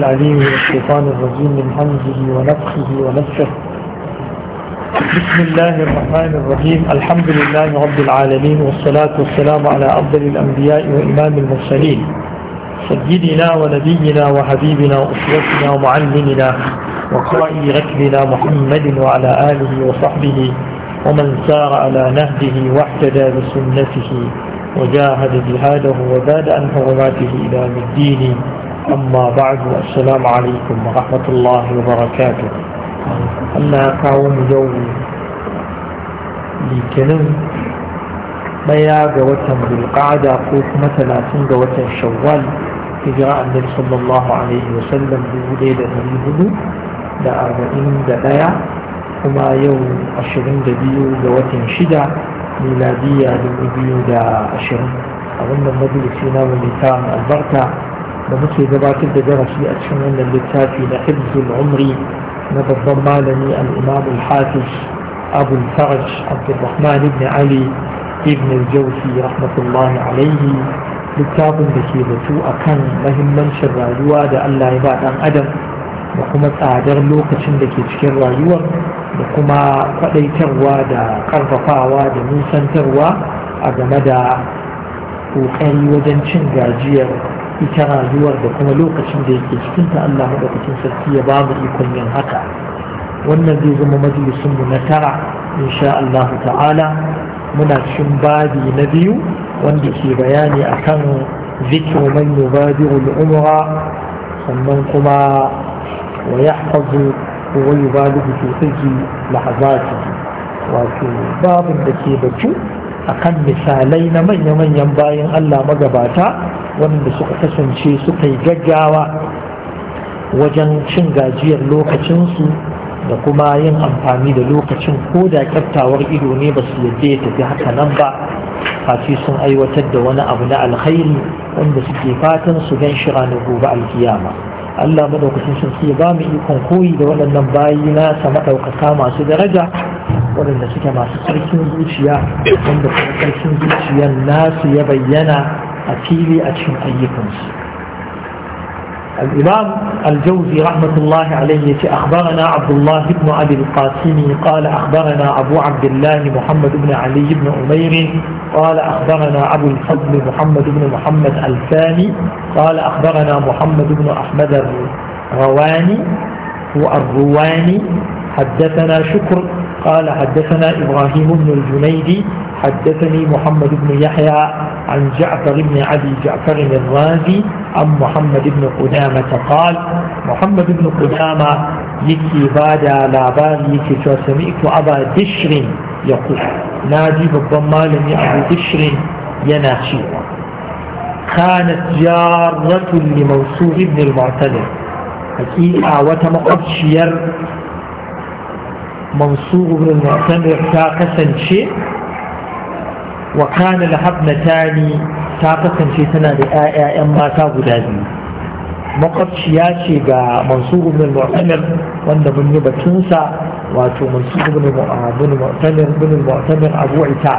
العليم من الشيطان الرجيم من حمده ونفخه ونفخه بسم الله الرحمن الرحيم الحمد لله رب العالمين والصلاة والسلام على أفضل الأنبياء وإمام المرسلين سيدنا ونبينا وحبيبنا وأسوتنا ومعلمنا وقرأي ركبنا محمد وعلى آله وصحبه ومن سار على نهجه واحتدى بسنته وجاهد جهاده وزاد عن حرماته إلى الدين أما بعد السلام عليكم ورحمة الله وبركاته أنا قوم يوم لكنم بيا قوتهم بالقعدة قوت مثلا سنقوة شوال هجراء النبي صلى الله عليه وسلم بوليد الهدو دا أربعين دا بيا وما يوم عشرين دا بيو قوة شدة ميلادية دا بيو دا عشرين أظن المجلس ينام البركة da muke gabatar da darasi a cikin wannan littafi na hibzul umri na babban malami al-imam al-hafiz abu al-faraj ibn ali ibn al-jawzi rahmatullahi alayhi littafin da ke batu akan mahimmancin rayuwa da Allah ya ba dan adam da kuma tsadar lokacin da ke cikin rayuwar da kuma kwadaitarwa da karfafawa da nisantarwa a game da ƙoƙari wajen cin gajiyar ita rayuwar da kuma lokacin da yake cikin ta Allah madaukakin sarki ya ba mu ikon yin haka wannan zai zama majalisun mu na tara insha Allah ta'ala muna cikin babi na biyu wanda ke bayani akan zikru man yubadiru al-umra sannan kuma wa yahfazu wa yubadiru fi hijji lahazati wato babin da ke batu akan misalai na manya-manyan bayan Allah magabata wanda suka kasance suka yi gaggawa wajen cin gajiyar lokacinsu da kuma yin amfani da lokacin ko da kyaftawar ido ne ba su yadda ya tafi haka nan ba face sun aiwatar da wani abu na alkhairi wanda suke fatan su gan shi ranar gobe alkiyama Allah madaukakin sun ya ba mu ikon koyi da waɗannan bayi sa maɗaukata masu daraja waɗanda suke masu zuciya wanda kuma zuciyar nasu ya bayyana a fili a cikin ayyukansu الإمام الجوزي رحمة الله عليه أخبرنا عبد الله بن أبي القاسم قال أخبرنا أبو عبد الله محمد بن علي بن أمير قال أخبرنا أبو الفضل محمد بن محمد الثاني قال أخبرنا محمد بن أحمد الرواني الرواني حدثنا شكر قال حدثنا إبراهيم بن الجنيدي حدثني محمد بن يحيى عن جعفر بن أبي جعفر الرازي عن محمد بن قدامة قال محمد بن قدامة يكي بادا لاباري يكي سمعت أبا دشر يقول نادي بالضمال أبو دشر يناشي كانت جارة لموسوع بن أكيد حقيقة مقبشير mansur ibn mu'tamir ta kasance wa kana lahabnatani ta kasance tana da ƴaƴa mata guda biyu makwabciya ce ga mansur ibn mu'tamir wanda mun yi batunsa wato mansur ibn mu'tamir ibn mu'tamir abu ita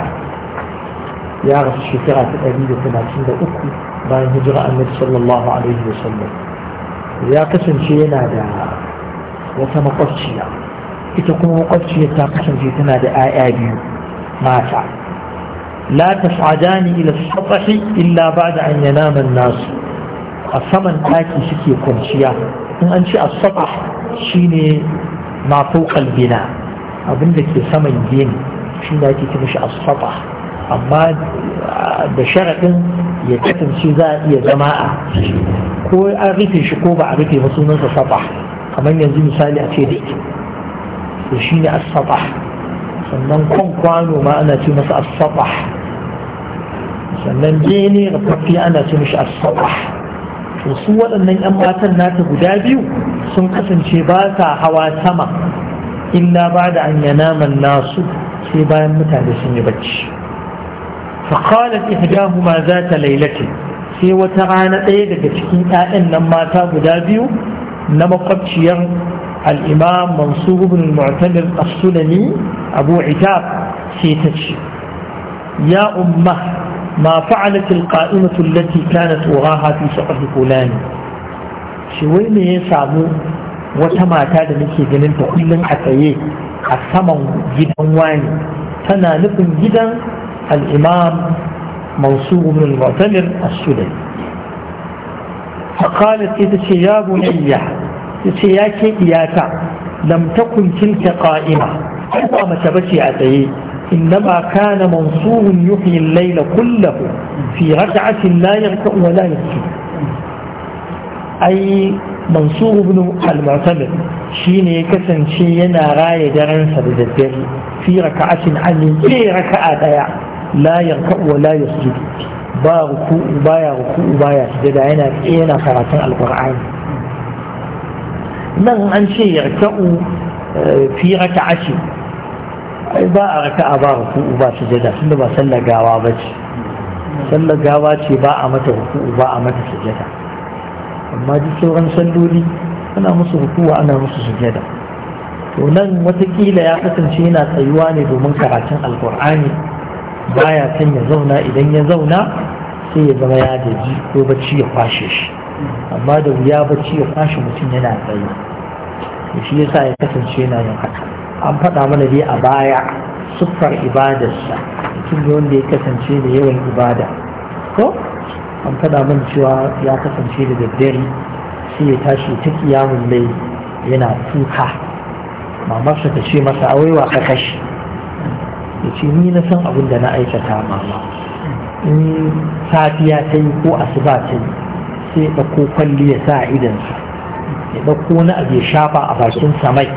ya rasu shekara ta ɗari da talatin da uku bayan hijira annabi sallallahu alaihi wa sallam ya kasance yana da wata makwabciya ita kuma makwabciyar ta kasance tana da 'ya'ya biyu mata la tas'adani ila satahi illa ba'da an yanama an a saman ɗaki suke kwanciya in an ce as-satah shine ma fawqa bina abinda ke saman gini shi ne ake kira shi as-satah amma ah, da sharaɗin ya kasance za a iya zama a ko an rufe shi ko ba a rufe ba sunansa satah kamar yanzu misali a ce da to shi ne satah sannan kwan kwano ma ana ce masa as sannan jene rafaffe ana ce mishi as to su waɗannan 'yan matan nata guda biyu sun kasance ba sa hawa sama na ba da an yanaman nasu sai bayan mutane sun yi bacci فقالت إحداهما zata lailace sai wata rana ɗaya daga cikin 'ya'yan nan mata guda biyu na makwabciyar الإمام منصور بن المعتمر السلمي أبو عتاب سيتشي يا أمه ما فعلت القائمة التي كانت وراها في شقه فلان شوي ما يسامو وتما تاد نكي جنين حتى حتيه السمن جدا واني تنا لكم جدا الإمام منصور بن المعتمر السلمي فقالت إذا يا بني ce ya ke iyata lam takun tilka qa'ima ba mace ba ce a tsaye innama kana mansuhun yuhyi al-layla kullahu fi rak'atin la yaqta wa la yaqti ai mansur ibn al-mu'tamid shine ya kasance yana raya daren da daddare fi rak'atin an yi raka'a daya la yaqta wa la yasjudu ba ruku ba ya ruku ba ya sujada yana yana karatun al nan an ce yarka'u eh, fi raka'ati ai ba a raka'a ba ba sujada tunda ba sallar gawa ba ce sallar gawa ce ba a mata ruku'u ba a mata sujada amma duk sauran salloli ana musu ruku'u ana musu sujada to nan watakila ya kasance yana tsayuwa ne domin karatun alkur'ani baya kan ya zauna idan ya zauna sai ya zama ya gaji ko bacci ya kwashe shi amma da wuya bacci ya kwashe mutum yana tsaye da shi yasa ya kasance yana yin haka an faɗa mana dai a baya siffar ibadarsa mutum ne wanda ya kasance da yawan ibada ko an faɗa mana cewa ya kasance da daddare sai ya tashi ta kiyamun lai yana kuka mamarsa ta ce masa awaiwa ka kashi ya ce ni na san abin da na aikata mama in safiya ta yi ko asuba ta yi sai ɗauko kwalli ya sa idansu ya ɗauko wani abu ya shafa a bakin samai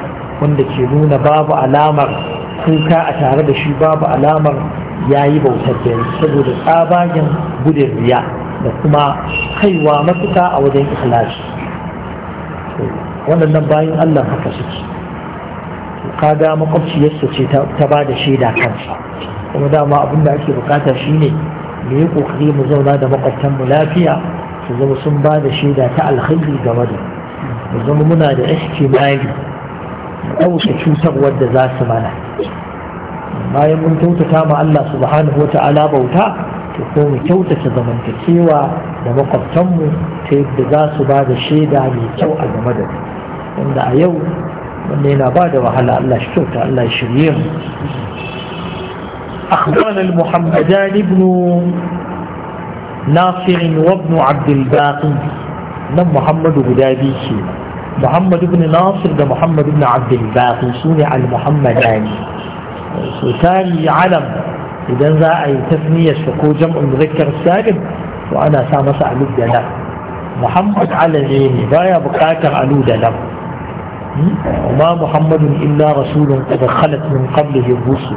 wanda ke nuna babu alamar kuka a tare da shi babu alamar ya yi bautar da saboda tsabagen gudun riya da kuma kaiwa mafita a wajen ikhlasi waɗannan bayan allah haka suke ga makwabciyarsa ce ta ba da shaida kansa kuma dama abin da ake bukata shine mu yi kokari mu zauna da makwabtanmu lafiya su zama sun ba da shaida ta alkhairi game da mu zama muna da ihtimali ɗauka cutar da za su mana bayan mun kyautata ma Allah subhanahu wa ta'ala bauta to ko mu kyautata zamantakewa da makwabtanmu ta yadda za su ba da shaida mai kyau a game da wanda a yau wanda yana ba da wahala Allah shi kyauta Allah shirye mu أخبرنا المحمدان ناصر وابن عبد الباقي نم محمد غدابي شيء محمد بن ناصر ده محمد بن عبد الباقي سوني يعني المحمداني سوتاني علم إذا ذا أي تثنية شكو جمع مذكر السالم وأنا سامس ألو دلم محمد على العين بايا بقاتر ألو دلم وما محمد إلا رسول قد خلت من قبله الرسل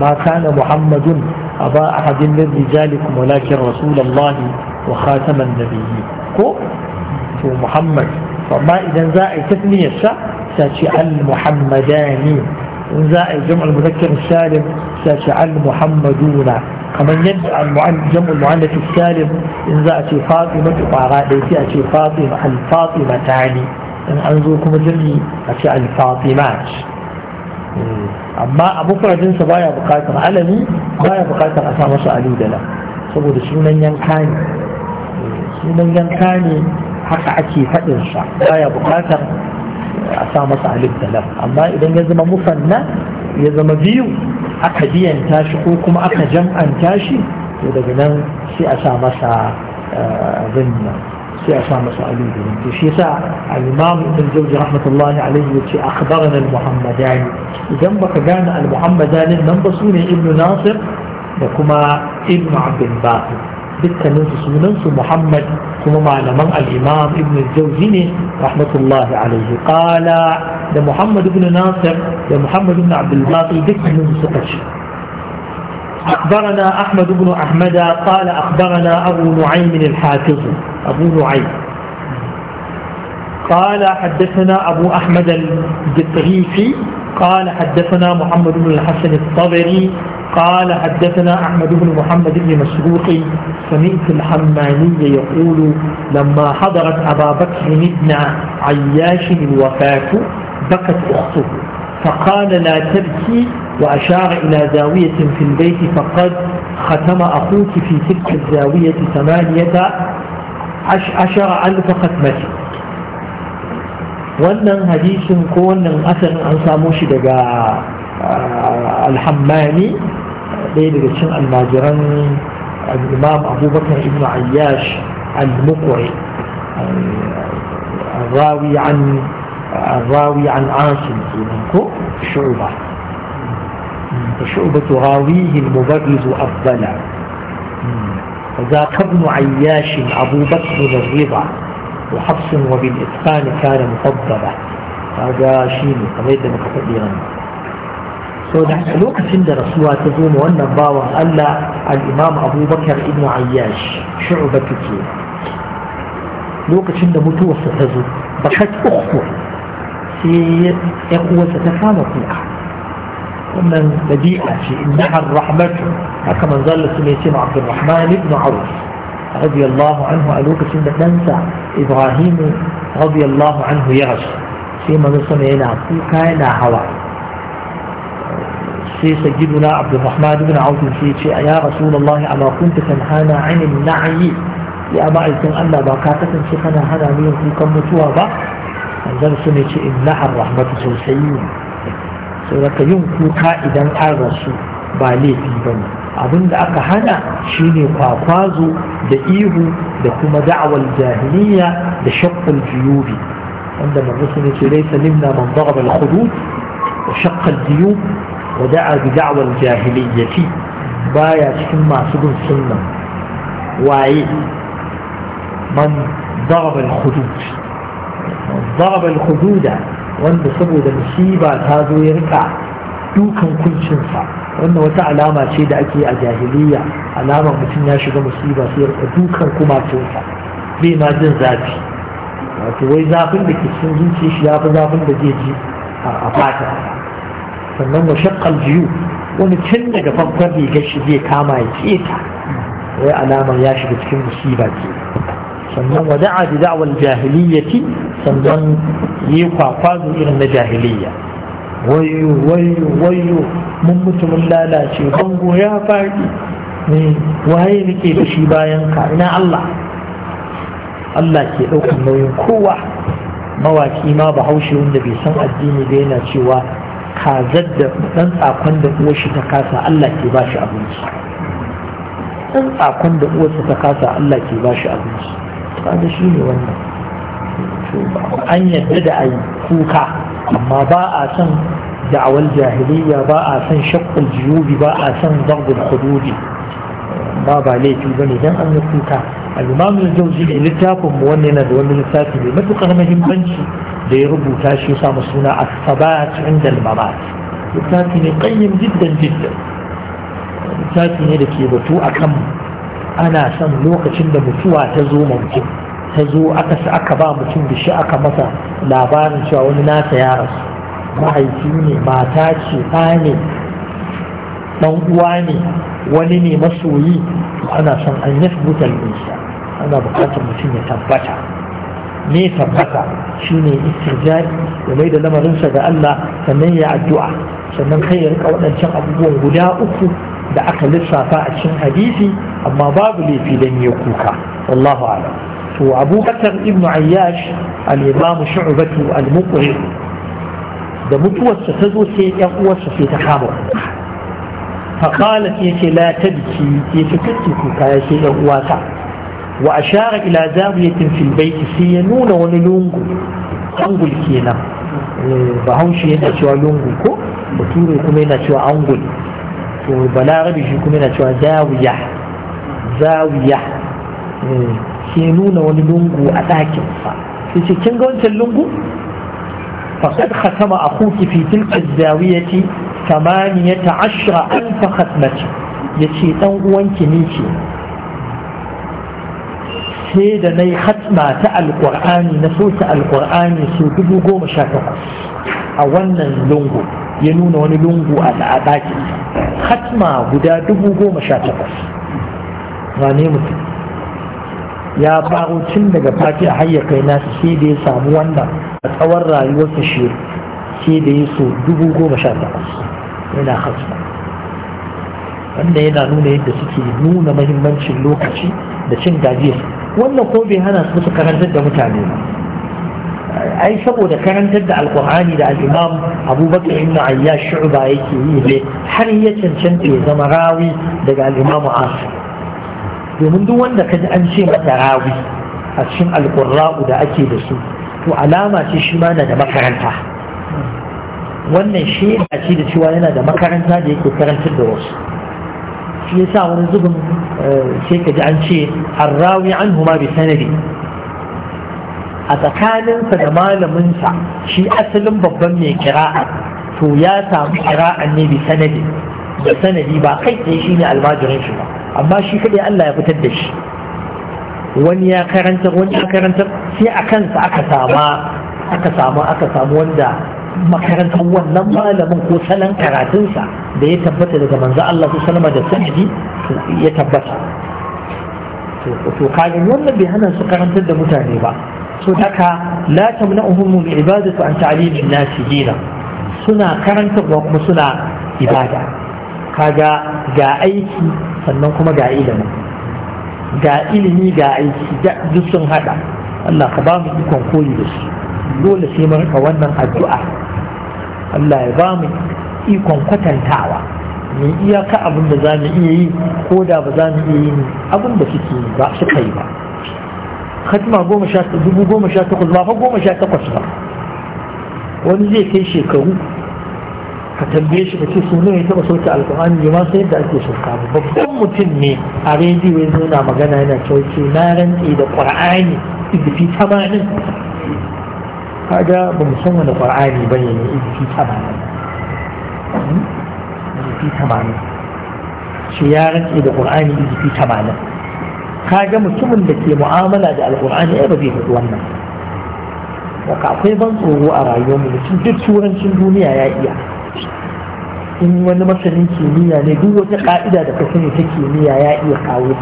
ما كان محمد أبا أحد من رجالكم ولكن رسول الله وخاتم النبيين كو محمد فما إذا زائد تثنية سا ساتي المحمداني إن زائد جمع المذكر السالم ساتي المحمدون كما ينفع جمع المعنف السالم إن زائد فاطمة وعرائي أشي فاطمة الفاطمة تاني إن أنظركم جمعي الفاطمات amma a mufradinsa baya bukatar alami baya bukatar a sa masa alu da saboda sunan yanka ne sunan yanka ne haka ake faɗinsa baya bukatar a sa masa alif da amma idan ya zama musanna ya zama biyu aka biyan tashi ko kuma aka jam'an tashi to daga nan sai a sa masa eh, abin nan سيأسام سعيد في ساعة الإمام ابن جوج رحمة الله عليه في أخبرنا المحمداني جنبك كان المحمداني من بصوني ابن ناصر وكما ابن عبد الباقي بك ننصص ننص محمد كما معنى من الإمام ابن الجوزي رحمة الله عليه قال لمحمد ابن ناصر لمحمد ابن عبد الباقي بك ننصص قشي أخبرنا أحمد بن أحمد قال أخبرنا أبو نعيم الحافظ أبو نعيم قال حدثنا أبو أحمد الجطريفي قال حدثنا محمد بن الحسن الطبري قال حدثنا أحمد بن محمد بن مسروق سمعت الحماني يقول لما حضرت أبا بكر بن عياش الوفاة بكت أخته فقال لا تبكي وأشار إلى زاوية في البيت فقد ختم أخوك في تلك الزاوية ثمانية ashara alfa khatmati wannan hadisin ko wannan asalin an samo shi daga alhammani ɗaya daga cin almajiran imam abubakar ibn ayyash al mukwai الراوي عن الراوي عن عاصم شعبة شعبة راويه المبرز أفضل وذاك ابن عياش أبو بكر الرضا وحفص وبالإتقان كان مفضلا هذا شيء قليل من كثيرا فنحن لوك سند الله تزوم وأن باوا ألا الإمام أبو بكر ابن عياش شعبة كي لوك سند متوسط تزوم بحث أخوه في أخوة تفانق معه ومن بديئة إنها الرحمة كما ظل سميتين عبد الرحمن بن عوف رضي الله عنه ألوك سنة ننسى إبراهيم رضي الله عنه يغش سيما نصمينا فوكا كائنا هوا سي سيدنا عبد الرحمن بن عوف في شيء يا رسول الله أما كنت تنحانا عن النعي يا أبا إذن ألا باكاتة سيخنا هنا مين فوكا متوابا أنزل سنة إنها الرحمة سوسيين saboda yin kuka idan an rasu ba laifi ba ne abin da aka hana shine kwakwazo da ihu da kuma da'awar jahiliya da shakkul juyubi wanda manzo sun ce laysa limna man daraba al-hudud wa shaqqa juyub wa da'a bi baya cikin masu bin sunna waye man daraba al-hudud al-hududa wanda saboda musiba ta zo ya rika dukan kuncinsa wannan wata alama ce da ake a jahiliya alamar mutum ya shiga musiba sai ya rika dukan kumatunsa bai ma jin zafi wato wai zafin da ke cikin zuciya shi ya fi zafin da zai ji a fata sannan wa shakkal jiyu wani can daga farkon rigar shi zai kama ya keta wai alamar ya shiga cikin musiba ke sannan wa da'a da da'awar jahiliyyati sannan yi kwakwazo irin na jahiliya wayo wayo wayo mun mutumin lalace bango ya faɗi ne waye nake da shi bayan ka ina Allah Allah ke ɗaukar nauyin kowa mawaki ma bahaushe wanda bai san addini ba yana cewa kazar da ɗan tsakon da uwar shi ta kasa Allah ke ba shi abinci ɗan tsakon da uwarsa ta kasa Allah ke ba shi abinci kaga shi ne wannan an yadda da a kuka amma ba a son da'awar jahiliya ba a son shakkul jiyubi ba a son zangul hududi ba ba laifi ba ne don an yi kuka al-imam al-jawzi ne littafin mu wannan yana da wani littafi mai matuƙar muhimmanci da ya rubuta shi sa mu suna a sabat inda al-mamat littafi ne qayyim jiddan jiddan littafi ne da ke batu akan ana son lokacin da mutuwa ta zo mutum ta zo aka aka ba mutum da shi aka masa labarin cewa wani nasa ya rasu mahaifi ne mata ce ɗa ne ɗan uwa ne wani ne masoyi ana son an yi rubuta nisa ana buƙatar mutum ya tabbata ne tabbata shine istirja'i ya mai da lamarinsa ga Allah sannan ya addu'a sannan kai ya rika waɗancan abubuwan guda uku da aka lissafa a cikin hadisi amma babu laifi dan ya kuka wallahu a'lam وأبو بكر ابن عياش الإمام شعبة المقرئ ده متوسط ta zo sai yan uwarsa sai فقالت يتي لا تبكي يتي تبكي يتي أواتا وأشار إلى زاوية في البيت سينون ونلونغو أنغل كينا بهونش ينا شو لونغو كو وطوري كمينا شو أنغل وبلاغبي شو كمينا شو زاوية زاوية sai nuna wani lungu a ɗakinsa sai ce kin ga wancan lungu faqad khatama akhuki fi tilka zawiyati thamaniyata ashra alf khatmati yace dan uwanki ne ce sai da nayi khatma ta alqur'ani na sauta alqur'ani su dubu goma sha takwas a wannan lungu ya nuna wani lungu a ɗakinsa khatma guda dubu goma sha takwas wane mutum ya baro tun daga fati a hayya kai sai da ya samu wannan a tsawon rayuwarsa shi sai da ya so dubu goma sha takwas yana hasu wanda yana nuna yadda suke nuna mahimmancin lokaci da cin gajiyar wannan ko bai hana su karantar da mutane ba ai saboda karantar da alkur'ani da al'imam abubakar ibn ayyash shu'ba yake yi ne har ya cancanta ya zama rawi daga al'imamu asir domin duk wanda ka ji an ce masa rawi a cikin alƙurra'u da ake da su to alama ce shi ma na da makaranta wannan shi yana ce da cewa yana da makaranta da yake karantar da wasu shi sa wani zubin eh, sai ka ji an ce arrawi an huma bi sanadi a tsakaninsa da malaminsa shi asalin babban mai kira'a to ya samu kira'an ne bi sanadi da sanadi ba kai tsaye shi ne almajirin shi ba amma shi kaɗai Allah ya fitar da shi wani ya karanta wani ya karanta sai a kansa aka sama aka samu aka samu wanda makarantar wannan malamin ko salon karatunsa da ya tabbata daga manzo Allah su salama da sanadi ya tabbata to kajin wannan bai hana su karantar da mutane ba so haka la tamna'uhum min ibadatu an ta'limin nasi dina suna karantarwa kuma suna ibada kaga ga aiki sannan kuma ga ilimi ga ilimi ga aiki duk sun hada Allah ka ba mu ikon koyi da su dole sai mun ka wannan addu'a Allah ya ba mu ikon kwatantawa mu iyaka abin da za mu iya yi ko da ba za mu iya ni abin da suke ba suka yi ba khatma goma sha dubu goma sha takwas ba fa goma sha takwas ba wani zai kai shekaru ka tambaye shi ka ce su ne ya taɓa sauke Alƙur'ani ya ma sai yadda ake sauka ba babban mutum ne a rediyo ya nuna magana yana sauke na rantse da qur'ani fi tamanin kaga ba mu san wani ƙur'ani ba ne izifi tamanin hmm? izifi tamanin shi ya rantse da qur'ani fi tamanin kaga mutumin da ke mu'amala da alkur'ani ya ba zai faɗi wannan akwai ban tsoro a rayuwar mutum duk turancin duniya ya iya in wani masanin kimiyya ne duk wata ka'ida da ka sani ta kimiyya ya iya kawo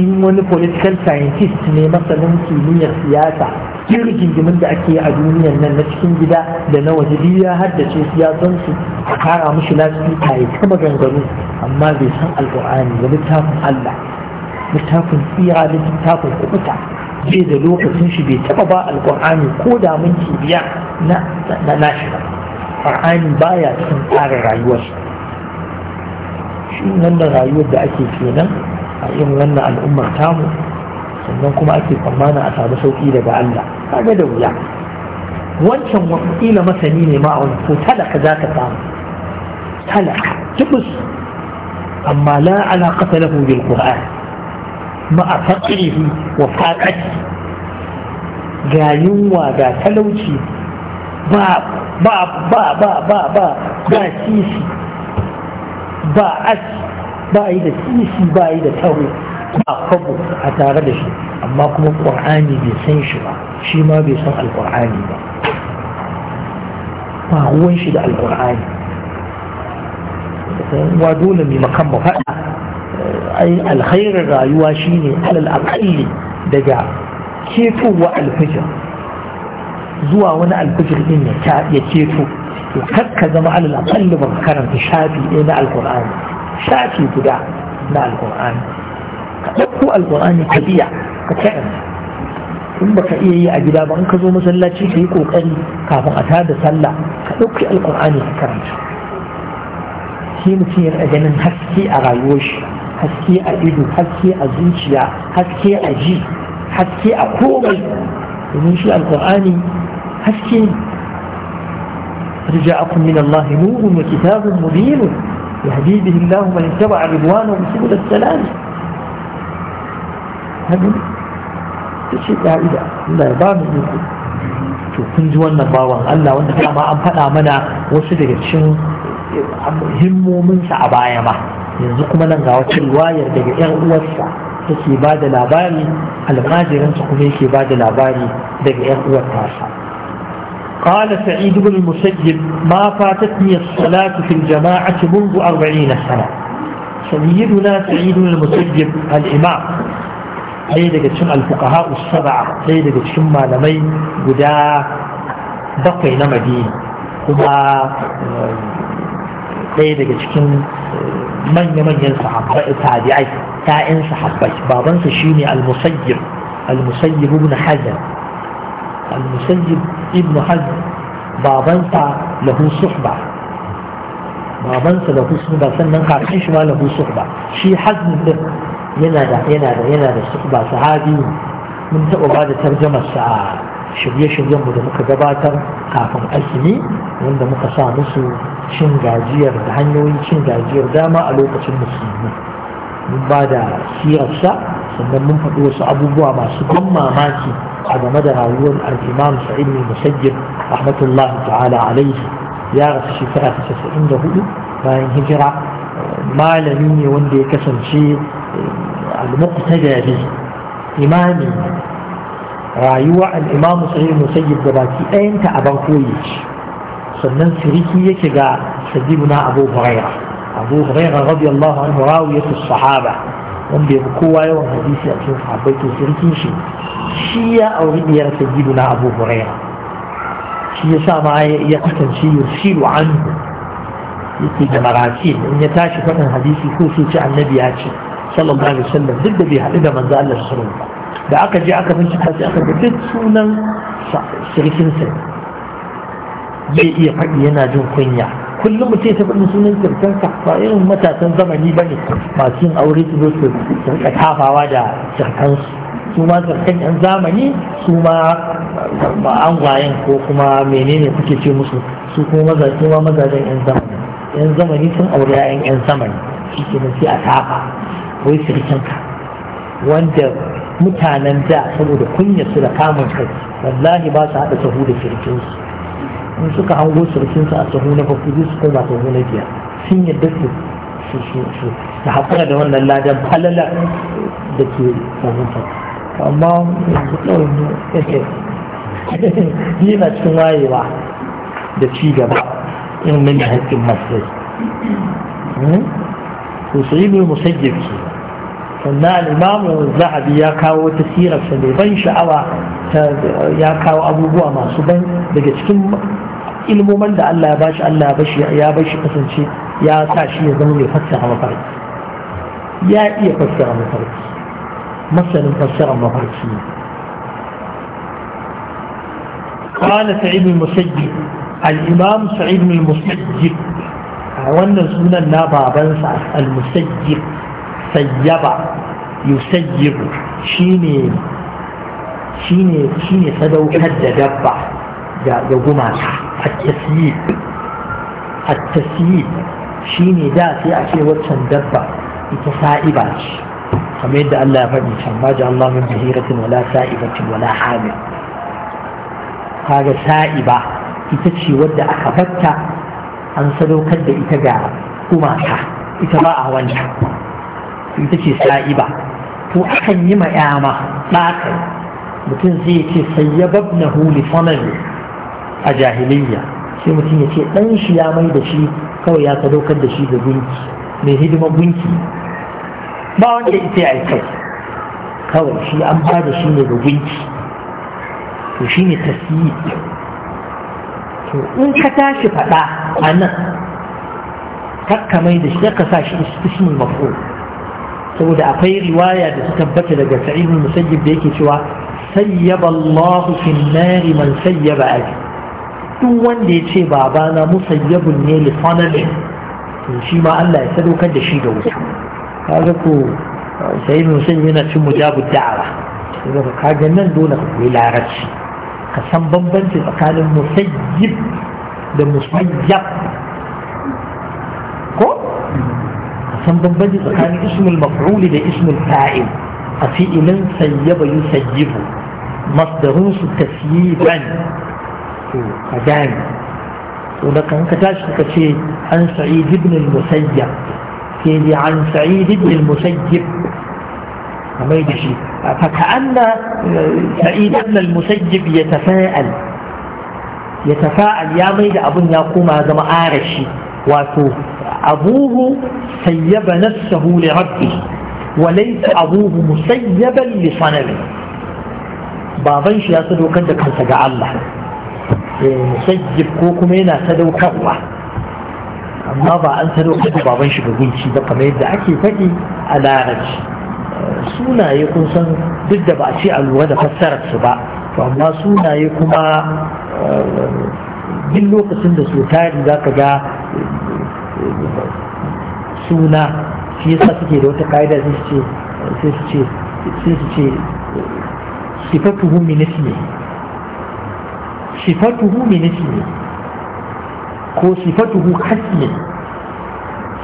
in wani political scientist ne masanin kimiyyar siyasa yin rigingimin da ake a duniyar nan na cikin gida da na waje biyu ya haddace siyasansu a kara mushi ta ya kama ganganu amma bai san alƙur'ani da littafin allah littafin tsira da littafin kuɓuta bai da lokacin shi bai taɓa ba alƙur'ani ko da minti biyar na nashi ba ƙa'ani baya cikin tsarin rayuwarsa shi nan da rayuwar da ake kenan a irin wannan al'ummar tamu sannan kuma ake tsammanin a samu sauƙi daga Allah kaga da wuya wancan wakila masani ne ma a wani ko talaka za ka samu talaka tubus amma la alaƙata lahu bil qur'an ma'a faqrihi wa faqati ga yunwa ga talauci ba ba ba ba ba ba ba sisi ba aji ba yi da sisi ba yi da tauri ba kwabo a tare da shi amma kuma ƙwar'ani bai san shi ba shi ma bai san alƙwar'ani ba ba ruwan shi da alƙwar'ani wa dole mai makan mu faɗa ai alkhairin rayuwa shine alal aƙalli daga ketowa alfijir zuwa wani alfijir din ya ceto to kakka zama alal akalli ba karanta shafi ɗaya na alkur'ani shafi guda na alkur'ani ka ɗauko alkur'ani ka biya ka karanta in baka iya yi a gida ba in ka zo masallaci ka yi kokari kafin a tada sallah ka ɗauki alkur'ani ka karanta Shi mutum ya ganin haske a rayuwar shi haske a ido haske a zuciya haske a ji haske a komai domin shi alkur'ani haske رجاءكم من Ya نور وكتاب مبين يهدي به الله من اتبع رضوانه سبل السلام هذه تشي ya الله يبارك فيكم to kun ji wannan bawan Allah wanda dama an faɗa mana wasu daga cikin himmominsa a baya ma yanzu kuma nan ga wata riwayar daga ƴan uwarsa take ba da labari almajirinsa kuma yake ba da labari daga ƴan uwar tasa قال سعيد بن المسجد ما فاتتني الصلاة في الجماعة منذ أربعين سنة سيدنا سعيد بن المسجد الإمام هيدا قد الفقهاء السبعة هيدا قد شم لمي قدا بقي نما دين كما هيدا قد شم من يمن ينصحب تابعي تائن صحبك بابن المسجد المسجد ابن حزم المسيب ابن حزم بابنسا له صحبة بابنسا له صحبة سنن قاعدين شما له صحبة شي حزم ده ينادى ينادى ينادى صحبة سهادي من تقوى بعد ترجمة الساعة شبيه شبيه مده مكذباتا كافم أسمي وانده مكسامس شن غازير دهنوي شن غازير داما ألوكة المسلمين من بعد سيرة الساعة سنن من فتوى سعبوبوا مع سبما ماتي قد مدها يقول الإمام سعيد بن المسجد رحمة الله تعالى عليه يا رسي فرح سسعين دهول فإن هجرة ما لميني وندي كسن شيء المقتدى به إمامي رايوة الإمام سعيد المسجد دباكي أين تأبر كويش سنن سريكي يكيغا سيدنا أبو هريرة أبو هريرة رضي الله عنه راوية الصحابة wanda ya fi kowa yawan hadisi a cikin sahabbai to sirkin shi shi ya auri biyar sayyidu na abu huraira shi ya sa ma ya kasance yursilu anhu yake da in ya tashi faɗin hadisi ko sai ce annabi ya ce sallallahu alaihi wasallam duk da bai haɗu da manzo Allah sallallahu alaihi da aka je aka bincika sai aka ga duk sunan sirkin sa bai iya faɗi yana jin kunya kullum mu ce ta faɗin sunan ka ba irin matasan zamani ba ne masu yin aure su zo su rika tafawa da kirkan su ma kirkan yan zamani su ma angwayen ko kuma menene kuke ce musu su kuma mazajen yan zamani yan zamani sun aure yayan yan zamani shi ke sai a tafa wai ka wanda mutanen da saboda su da kamun kai wallahi ba su haɗa sahu da su. in suka hango surukinsa a sahu na bakwai zai su koma sahu na biyar sun yadda su su haƙura da wannan ladan falala da ke samunta amma yanzu kawai ne na cikin wayewa da ci gaba in mini haƙƙin masai hmm? to sai ibn musayyib ke sannan al-imamu zahabi ya kawo sirarsa mai ban sha'awa ya kawo abubuwa masu ban daga cikin ilmoman da Allah ya bashi Allah ya bashi ya bashi kasance ya sa shi ya zama mai fassara mafarki ya iya fassara mafarki masanin fassara mafarki قال سعيد المسجد الإمام سعيد المسجد wannan sunan na babansa al-musajjib sayyaba yusajjibu shine shine shine sadaukar da dabba da gumaka a tasiri a tasiri shi ne da sai a ce waccan dabba ita sa'iba ce kamar yadda Allah ya faɗi can ma ji Allah min bahiratin wala sa'ibatin wala hamil kaga sa'iba ita ce wadda aka batta an sadaukar da ita ga gumata ita ba a wanta ita ce sa'iba to akan yi ma 'ya ma ɗakai mutum zai ce sayyababnahu huli sanari a jahiliya sai mutum ya ce ɗan shi ya mai da shi kawai ya sadaukar da shi ga gunki mai hidimar gunki ba wanda ita ya kai kawai shi an ba da shi ne ga gunki to shi ne tasiri to in ka tashi faɗa a nan kakka mai da shi ka sa shi ismul maf'ul saboda akwai riwaya da ta tabbata daga sa'idul musayyib da yake cewa sayyaba Allahu fi an-nar man sayyaba abi duk wanda ya ce babana musayyabun ne li sanalin to shi ma Allah ya sadaukar da shi da wuta kaga ko sai mun san yana cin mujabu da'awa daga kaga nan dole ka koyi larabci ka san bambanci tsakanin musayyib da musayyab ko ka san bambanci tsakanin ismul maf'ul da ismul fa'il a fi'ilin sayyaba yusayyibu masdarun su tasyiban to ka gane to da kan ka tashi ka ce an sa'id ibn al-musayyab sai dai an sa'id ibn al-musayyib kamar da shi فكأن سعيد بن المسجب يتفاءل يتفاءل يا ميد أبن يقوم هذا ما آرشي واتو أبوه سيب نفسه لربه وليس أبوه مسيبا لصنمه baban shi ya tsado kan da kansa ga Allah musayyib eh, ko kuma yana sadaukarwa amma ba an sadaukar da baban shi ga gunci ba kamar yadda ake faɗi a larabci eh, sunaye kun san duk da ba a ce a lura da fassarar su ba to amma sunaye kuma eh, duk lokacin da su tari za ka ga suna shi yasa suke da wata ka'ida sai su ce sifatuhu minis ne. sifatuhu min ismi ko sifatuhu kasmi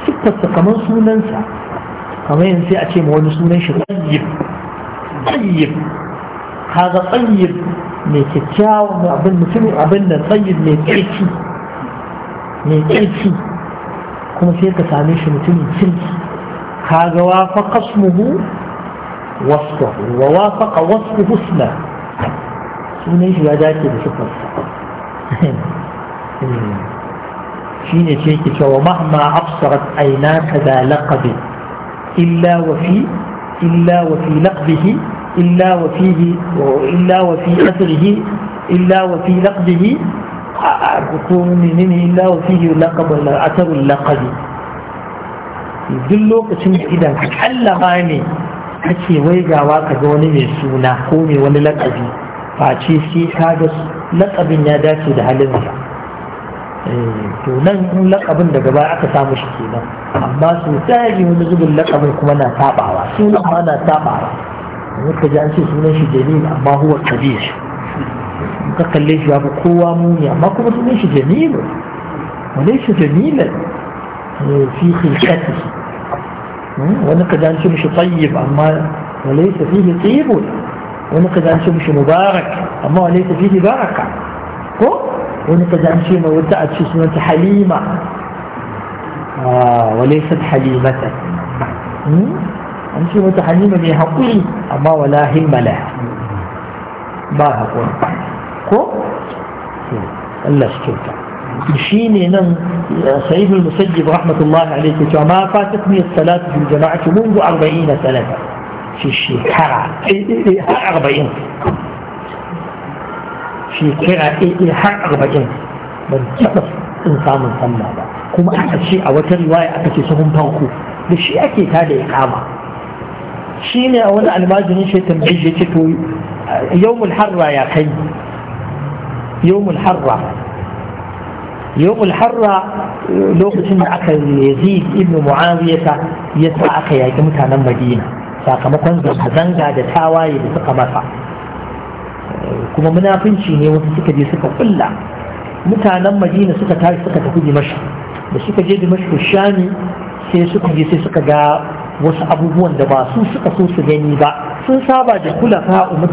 sifarsa kamar sunansa kamar yanzu a ce ma wani sunan shi tsayyib tsayyib kaga tsayyib mai kyakkyawan abin mutumin abin da tsayyib mai tsarki mai tsarki kuma sai ka same shi mutumin kirki kaga wafa kasmuhu wasfahu wa wafaqa wasfu husna sunan shi ya dace da sifarsa shi ne ce ke cewa mahma absarat aina ka da laƙabi illa wa fi, illa wa fi laƙabihi illa wa wafihi illa wafi asirhi illa wafi laƙabihi ko menene illa wa wafihi laƙabin asarin laƙabi duk lokacin da idan ka kallama ne kake waigawa ka ga wani mai suna ko mai wani laƙabi face sai ka ga lakabin ya dace da halinsa to nan in lakabin daga baya aka samu shi kenan amma su tsari wani zubin lakabin kuma na tabawa sunan ma na tabawa muka ji an ce sunan shi jamil amma huwa kabir ka kalle shi ya fi kowa muni amma kuma sunan shi jamilu wani shi jamilan fi khilkati wani ka ji an ce mishi tayyib amma wani fi tsibul wani ka an ce mishi mubarak amma wa laisa fihi baraka ko wani ka an ce mai wata a ce sunanta halima wa laisa halimata an ce mata halima mai haƙuri amma wala himmala ba haƙuri ko Allah shi kyauta shi ne nan sayyidul musajjib rahmatullahi alaihi cewa ma fatatni as-salatu bil jama'ati منذ 40 sanata ce shekara ɗaiɗaiɗai har arba'in shekara ɗaiɗai har arba'in ban taɓa in samun sallah ba kuma aka ce a wata riwaya aka ce sahun da shi ake ta da ya kama shi ne a wani almajirin shi tambayi ya ce to yawmul harra ya kai yawmul harra yawmul lokacin da aka yazid ibn muawiyata ya sa aka yaƙi mutanen madina sakamakon zanga-zanga da tawaye da suka masa kuma munafunci ne wasu suka je suka kulla mutanen madina suka tashi suka tafi dimashq da suka je dimashq shami sai suka je sai suka ga wasu abubuwan da ba su suka so su gani ba sun saba da kula ka umar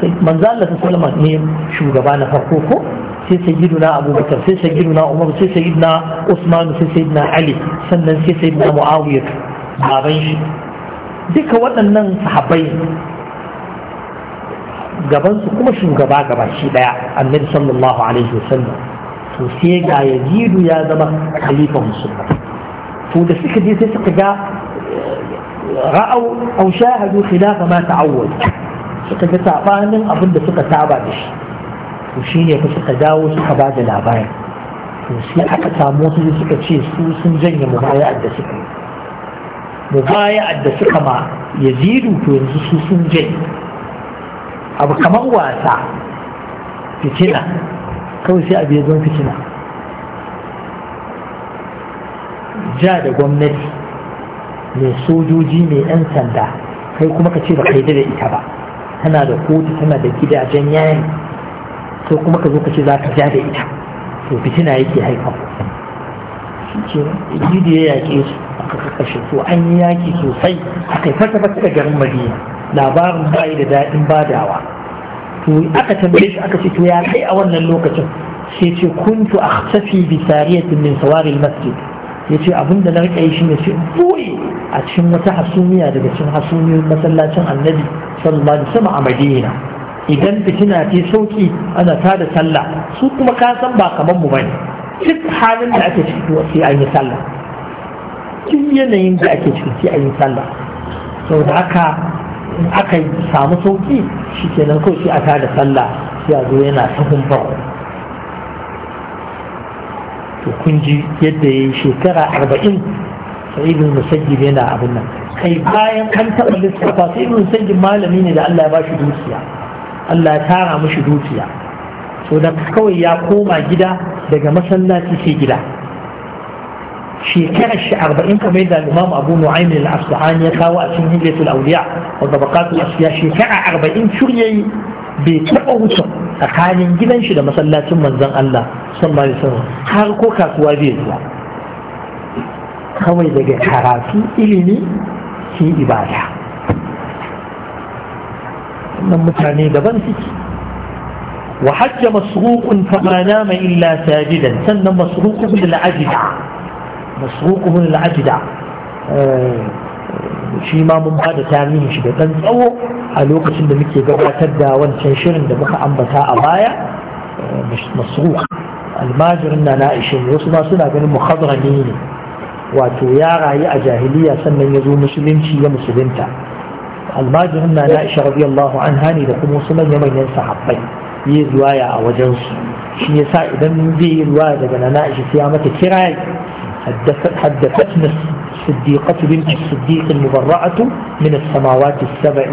sai ta Allah sallallahu ne shugaba na farko ko sai sai giduna abubakar sai sai giduna umar sai sai na usman sai sai na ali sannan sai sayyiduna mu'awiyar baban shi duka waɗannan sahabbai gabansu kuma shugaba gaba shi ɗaya annabi sallallahu alaihi wasallam to sai ga yazidu ya zama khalifa musulmai to da suka je sai suka ga eh, ra'au aw shahadu khilafa ma ta'awwal suka ga sabanin abin da suka saba da shi to shine fa suka dawo suka ba da labari to sai aka samu wasu suka ce su sun janye mubaya'a da suka yi mubaya'ar da suka ma yazidu to yanzu su sun je abu kamar wasa fitina kawai sai abu ya zo fitina ja da gwamnati mai sojoji mai 'yan sanda kai kuma ka ce ba kai da ita ba tana da kotu tana da gidajen yayin sai kuma ka zo ka ce za ka ja da ita to fitina yake haifar shi ke ya yaƙe su aka kakashe to an yi yaƙi sosai aka yi fata-fata da garin madina labarin bayi da daɗin badawa to aka tambaye shi aka ce to ya kai a wannan lokacin sai ce kuntu a tafi bi sariyatin min sawari masjid ya ce abinda na rike yi shi ne sai boye a cikin wata hasumiya daga cikin hasumiyoyin masallacin annabi sallallahu alaihi wasallam a madina idan fitina ce sauki ana tada sallah su kuma ka san ba kamar mu bane duk halin da ake ciki sai an yi sallah duk yanayin da ake ciki sai an yi sallah sau da aka samu sauki shi kenan kawai sai a tada sallah sai a zo yana sahun bawa to kun ji yadda ya yi shekara arba'in sa'id musajjib yana abin nan kai bayan an taɓa lissafa sa'id musajjib malami ne da Allah ya ba shi dukiya Allah ya tara mashi dukiya so da kawai ya koma gida daga masallaci sai gida Shekara shi arba'in kamar yadda imamu abu al asuhani ya kawo a cikin hijjatul awliya wa tabaqatul asfiya shekara arba'in shiryayi bai taɓa wuce tsakanin gidan shi da masallacin manzon Allah son ma har ko kasuwa bai zuwa kawai daga karatu ilimi ki ibada wannan mutane daban suke وحج مسروق فما نام إلا ساجدا سن مسروق بن العجدع مسروق بن العجدع shi ma mun bada tarihin shi da ɗan tsawo a lokacin da muke gabatar da wancan shirin da muka ambata a baya masruq almajirin na na'ishe ne wasu ma suna ganin muhadrani ne wato ya rayu a jahiliya sannan ya zo musulunci ya musulunta almajirin na na'ishe radiyallahu an ne da kuma wasu manyan manyan sahabbai yi ruwaya a wajensu shi yasa idan zai yi ruwaya daga nana aisha sai ya mata kirayi حدثتنا الصديقة بنت الصديق المبرعة من السماوات السبع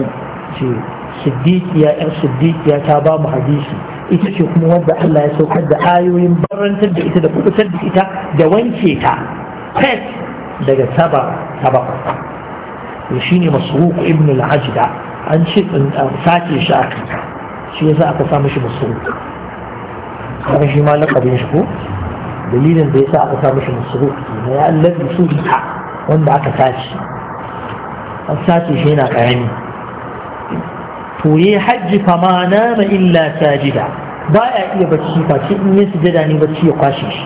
صديق يا صديق يا تابام حديثي ita ce kuma wanda Allah ya saukar da ayoyin barantar da ita da kubutar da ita da wanke ta pet daga saba saba to shine masruq ibn al-ajda an ce sace shi aka shi yasa aka sa mishi masruq kuma shi ma laƙabin shi ko dalilin da yasa aka sa mishi masruq ne ya allazi suhiha wanda aka sace an sace shi yana karami to yi hajji fama ma illa sajida ba ya iya bacci face in yi sujada ne bacci ya kwashe shi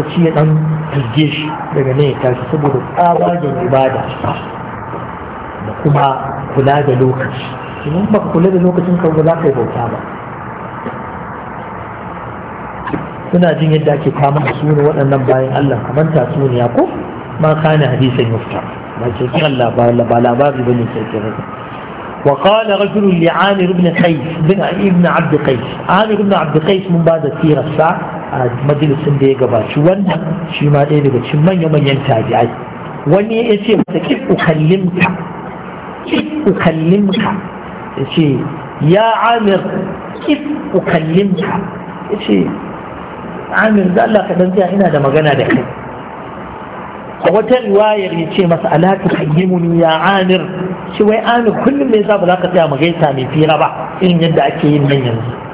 bacci ya dan turge shi daga ne ya tashi saboda tsabagen ibada da kuma kula da lokaci in ba ka kula da lokacin ka ba za ka yi bauta ba suna jin yadda ake kama da suna waɗannan bayan Allah kamar tatsuniya ko ma kana hadisan yufta ba ke kiran labari ba labari ba ne ke kiran وقال رجل لعامر بن قيس بن ابن Amir قيس عامر بن mun قيس من بعد سيرة الساعة مجلس دي قبل شو وانا شو ما دي قبل شو من يوم ينتاج عايز واني اسي كيف اكلمك كيف اكلمك yace ya amir kif ukallimka yace amir da Allah ka dan tsaya ina da magana da kai a wata riwayar ya ce masa ala ta ya amir shi wai amir kullum me yasa ba za ka tsaya mu gaisa mai fira ba in yadda ake yin nan yanzu in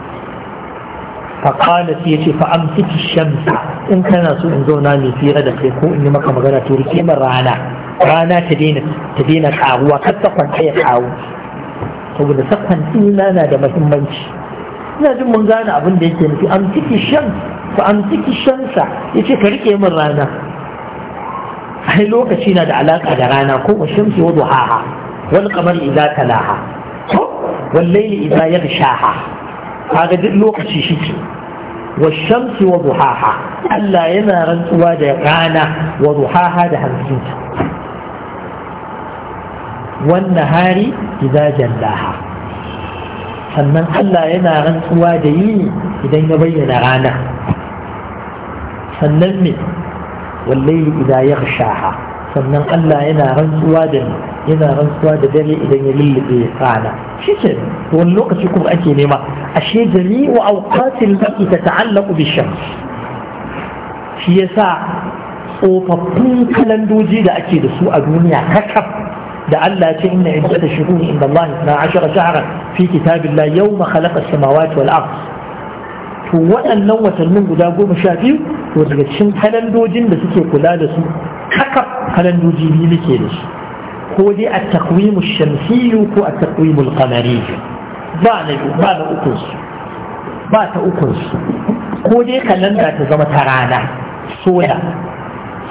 يتي فأمسك الشمس إن كان سوء in من في غدا سيكو إني مكا مغانا توريكي من رانا رانا تدينا تدينا كاو وكتا قنحي karu. saboda sakon ina na da mahimmanci ina jin mun gane abin da yake nufi an ciki shan fa an ciki shansa yace ka rike min rana ai lokaci na da alaka da rana ko wa shamsi wa duhaha wal qamari idza talaha wal layli idza yaghshaha kaga duk lokaci shike wa shamsi wa duhaha Allah yana rantsuwa da rana wa duhaha da hamsinta wannan hari idza jallaha sannan Allah yana rantsuwa da yini idan ya bayyana rana sannan me wallahi idza shaha sannan Allah yana rantsuwa da yana rantsuwa da dare idan ya lullube rana shike wani lokaci kuma ake nema ashe wa awqatil lati tata'allaqu bish-shams shi yasa tsofaffin kalandoji da ake da su a duniya kakaf da Allah ya ce inna iddata shuhuni inda Allah 12 shahran fi kitabillah yawma khalaqa as-samawati wal ard to waɗannan watannin guda goma sha biyu to daga cikin kalandojin da suke kula da su kakaf kalandoji biyu muke da su ko dai at-taqwim ash ko at-taqwim al-qamariyyu ba na ba na ukun ba ta ukun ko dai kalanda ta zama ta rana sola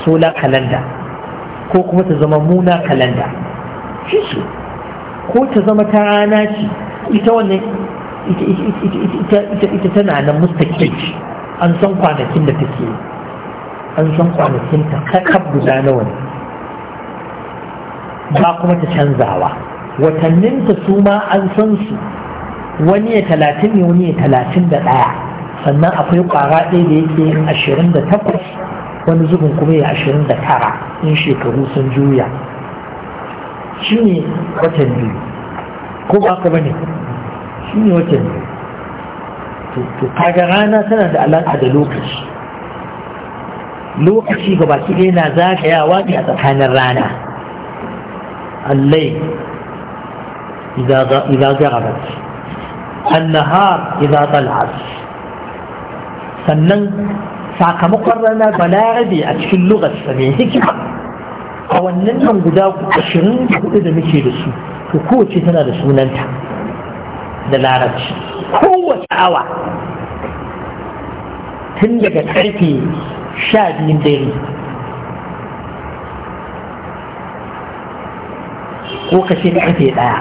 sola kalanda ko kuma ta zama muna kalanda shi su ko ta zama ta rana ce ita wannan ita tana nan mustaƙi an san kwanakin da take an san kwanakin ta kakab guda nawa ne ba kuma ta canzawa watanninta su ma an san su wani ya talatin ne wani ya talatin da ɗaya sannan akwai ƙwara ɗaya da yake yin ashirin da takwas wani zubin kuma ya ashirin da tara in shekaru sun juya shi ne watan biyu ko ba ka bane shi ne watan biyu to kaga rana tana da alaƙa da lokaci lokaci ga baki ɗaya na zagayawa ne a tsakanin rana allai إذا غربت النهار إذا طلعت sannan sakamakon rana balarabe a cikin lugarsa mai hikima a wannan nan guda ashirin da hudu da muke da su to kowace tana da sunanta da larabci kowace awa tun daga karfe sha biyun dare ko ka ce karfe daya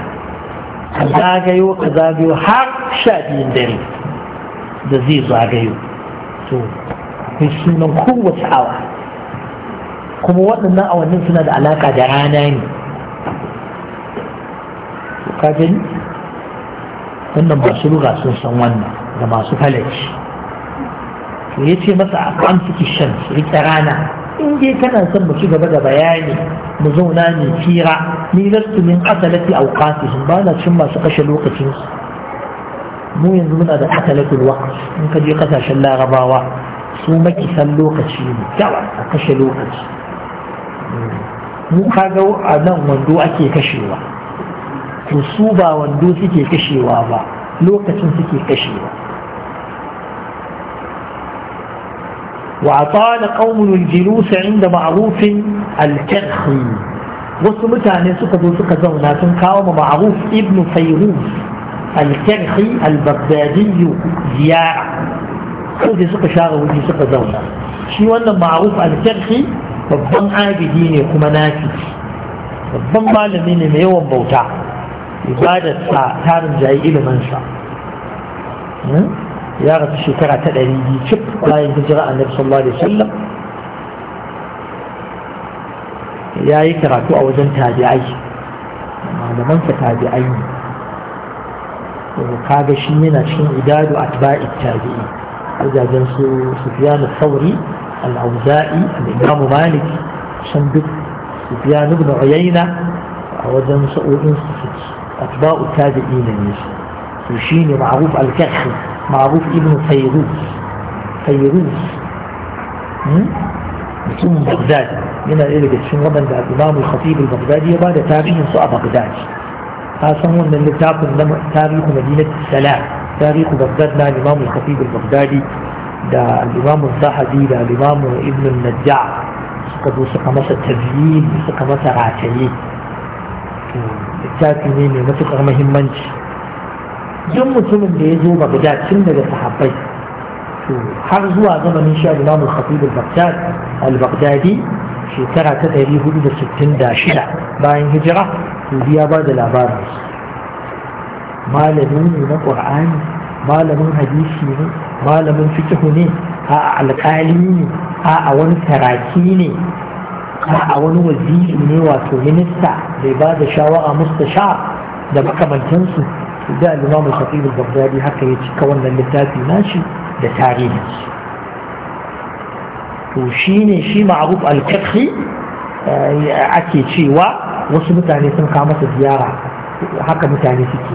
ka zagayo ka zagayo har sha biyun dare da zai zagayo to akwai sunan kowace awa kuma waɗannan awannin suna da alaƙa da rana ne kafin wannan masu ruga sun san wannan da masu falaci to ya ce masa a amsiki shan rike rana in dai kana son mu ci gaba da bayani mu zauna ne fira ni lastu min asalati awqatihim ba na cin masu kashe lokacin mu yanzu muna da asalatul waqt in ka je kasashen larabawa su makisan lokaci ne yawa a kashe lokaci mu kaga nan wando ake kashewa to su ba wando suke kashewa ba lokacin suke kashewa وأطال قوم الجلوس عند معروف الكرخي wasu mutane suka zo suka zauna sun kawo ma ma'aruf ibn fayrus al-karhi al ziyara ko suka share wuri suka zauna shi wannan ma'aruf al babban abidi ne kuma naci, babban malami ne mai yawan bauta ibadarsa tarin yi iliminsa hmm? ya rasu shekara ta ɗari biyu cif bayan hijira annabi sallallahu alaihi sallam. ya yi karatu a wajen tabi'ai malamansa tabi'ai ne kaga shi yana cikin idadu atba'i tabi'i wajajen su sufyan sauri. الأوزاعي الإمام مالك شنبك سفيان بن عيينة وزن سؤولين صفت أتباء تابعين يشين معروف الكخ معروف ابن فيروس فيروس مثل بغداد من إيه الإلقاء شنو من الإمام الخطيب البغدادي بعد تاريخ سؤال بغداد هذا من اللي تاريخ مدينة السلام تاريخ بغداد مع الإمام الخطيب البغدادي ده الإمام الظهبي ده الإمام ابن النجاع قد وثق مسا تبيين وثق مسا عاتيه الثالث مين وثق مهم منش يوم مسلم ده يزو بغداد سنة ده صحابي حق زوا زمن إنشاء الإمام الخطيب البغداد البغدادي في ترى تدري هدود ستين داشرة باين هجرة وديا بعد الأبار ما لنون من القرآن ما لنون حديثي malamin fikihu ne a alƙali ne a wani saraki ne a wani waziri ne wato minista bai ba da shawara mustasha da makamantansu da al-imam al-khatib haka ya cika wannan littafi nashi da tarihi to shine shi ma'ruf al eh, ake cewa wasu mutane sun kawo masa ziyara haka mutane suke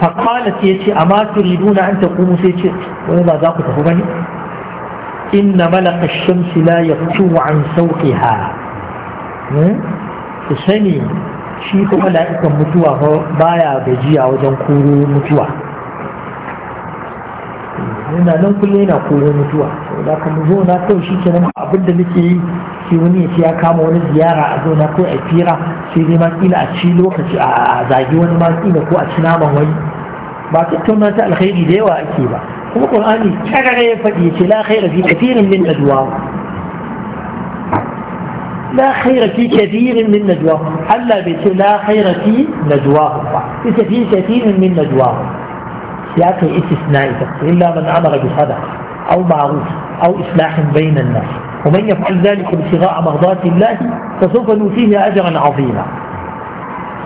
فقالت يتي أما تريدون أن تقوموا سيتي وإذا ذاك تفغني إن ملك الشمس لا يفتو عن سوقها تسني شيء ملائكة متوى بايا بجيا وجن كورو متوى ina nan kullum yana koyo mutuwa da kuma zo na kawai shi kenan abin da nake yi sai wani ya ya kama wani ziyara a zauna ko a fira sai dai ma kila a ci lokaci a zagi wani ma kila ko a ci naman wani ba tattauna ta alkhairi da yawa ake ba kuma qur'ani karara ya faɗi ce la khaira fi kathirin min najwa la khaira fi kathirin min najwa Allah bai ce la khaira fi najwa ba ita fi kathirin min najwa ya kai istisna ita illa man amara bi sadaqa aw ma'ruf aw islahin bainan nas ومن يفعل ذلك ابتغاء مرضات الله فسوف نؤتيه أجرا عظيما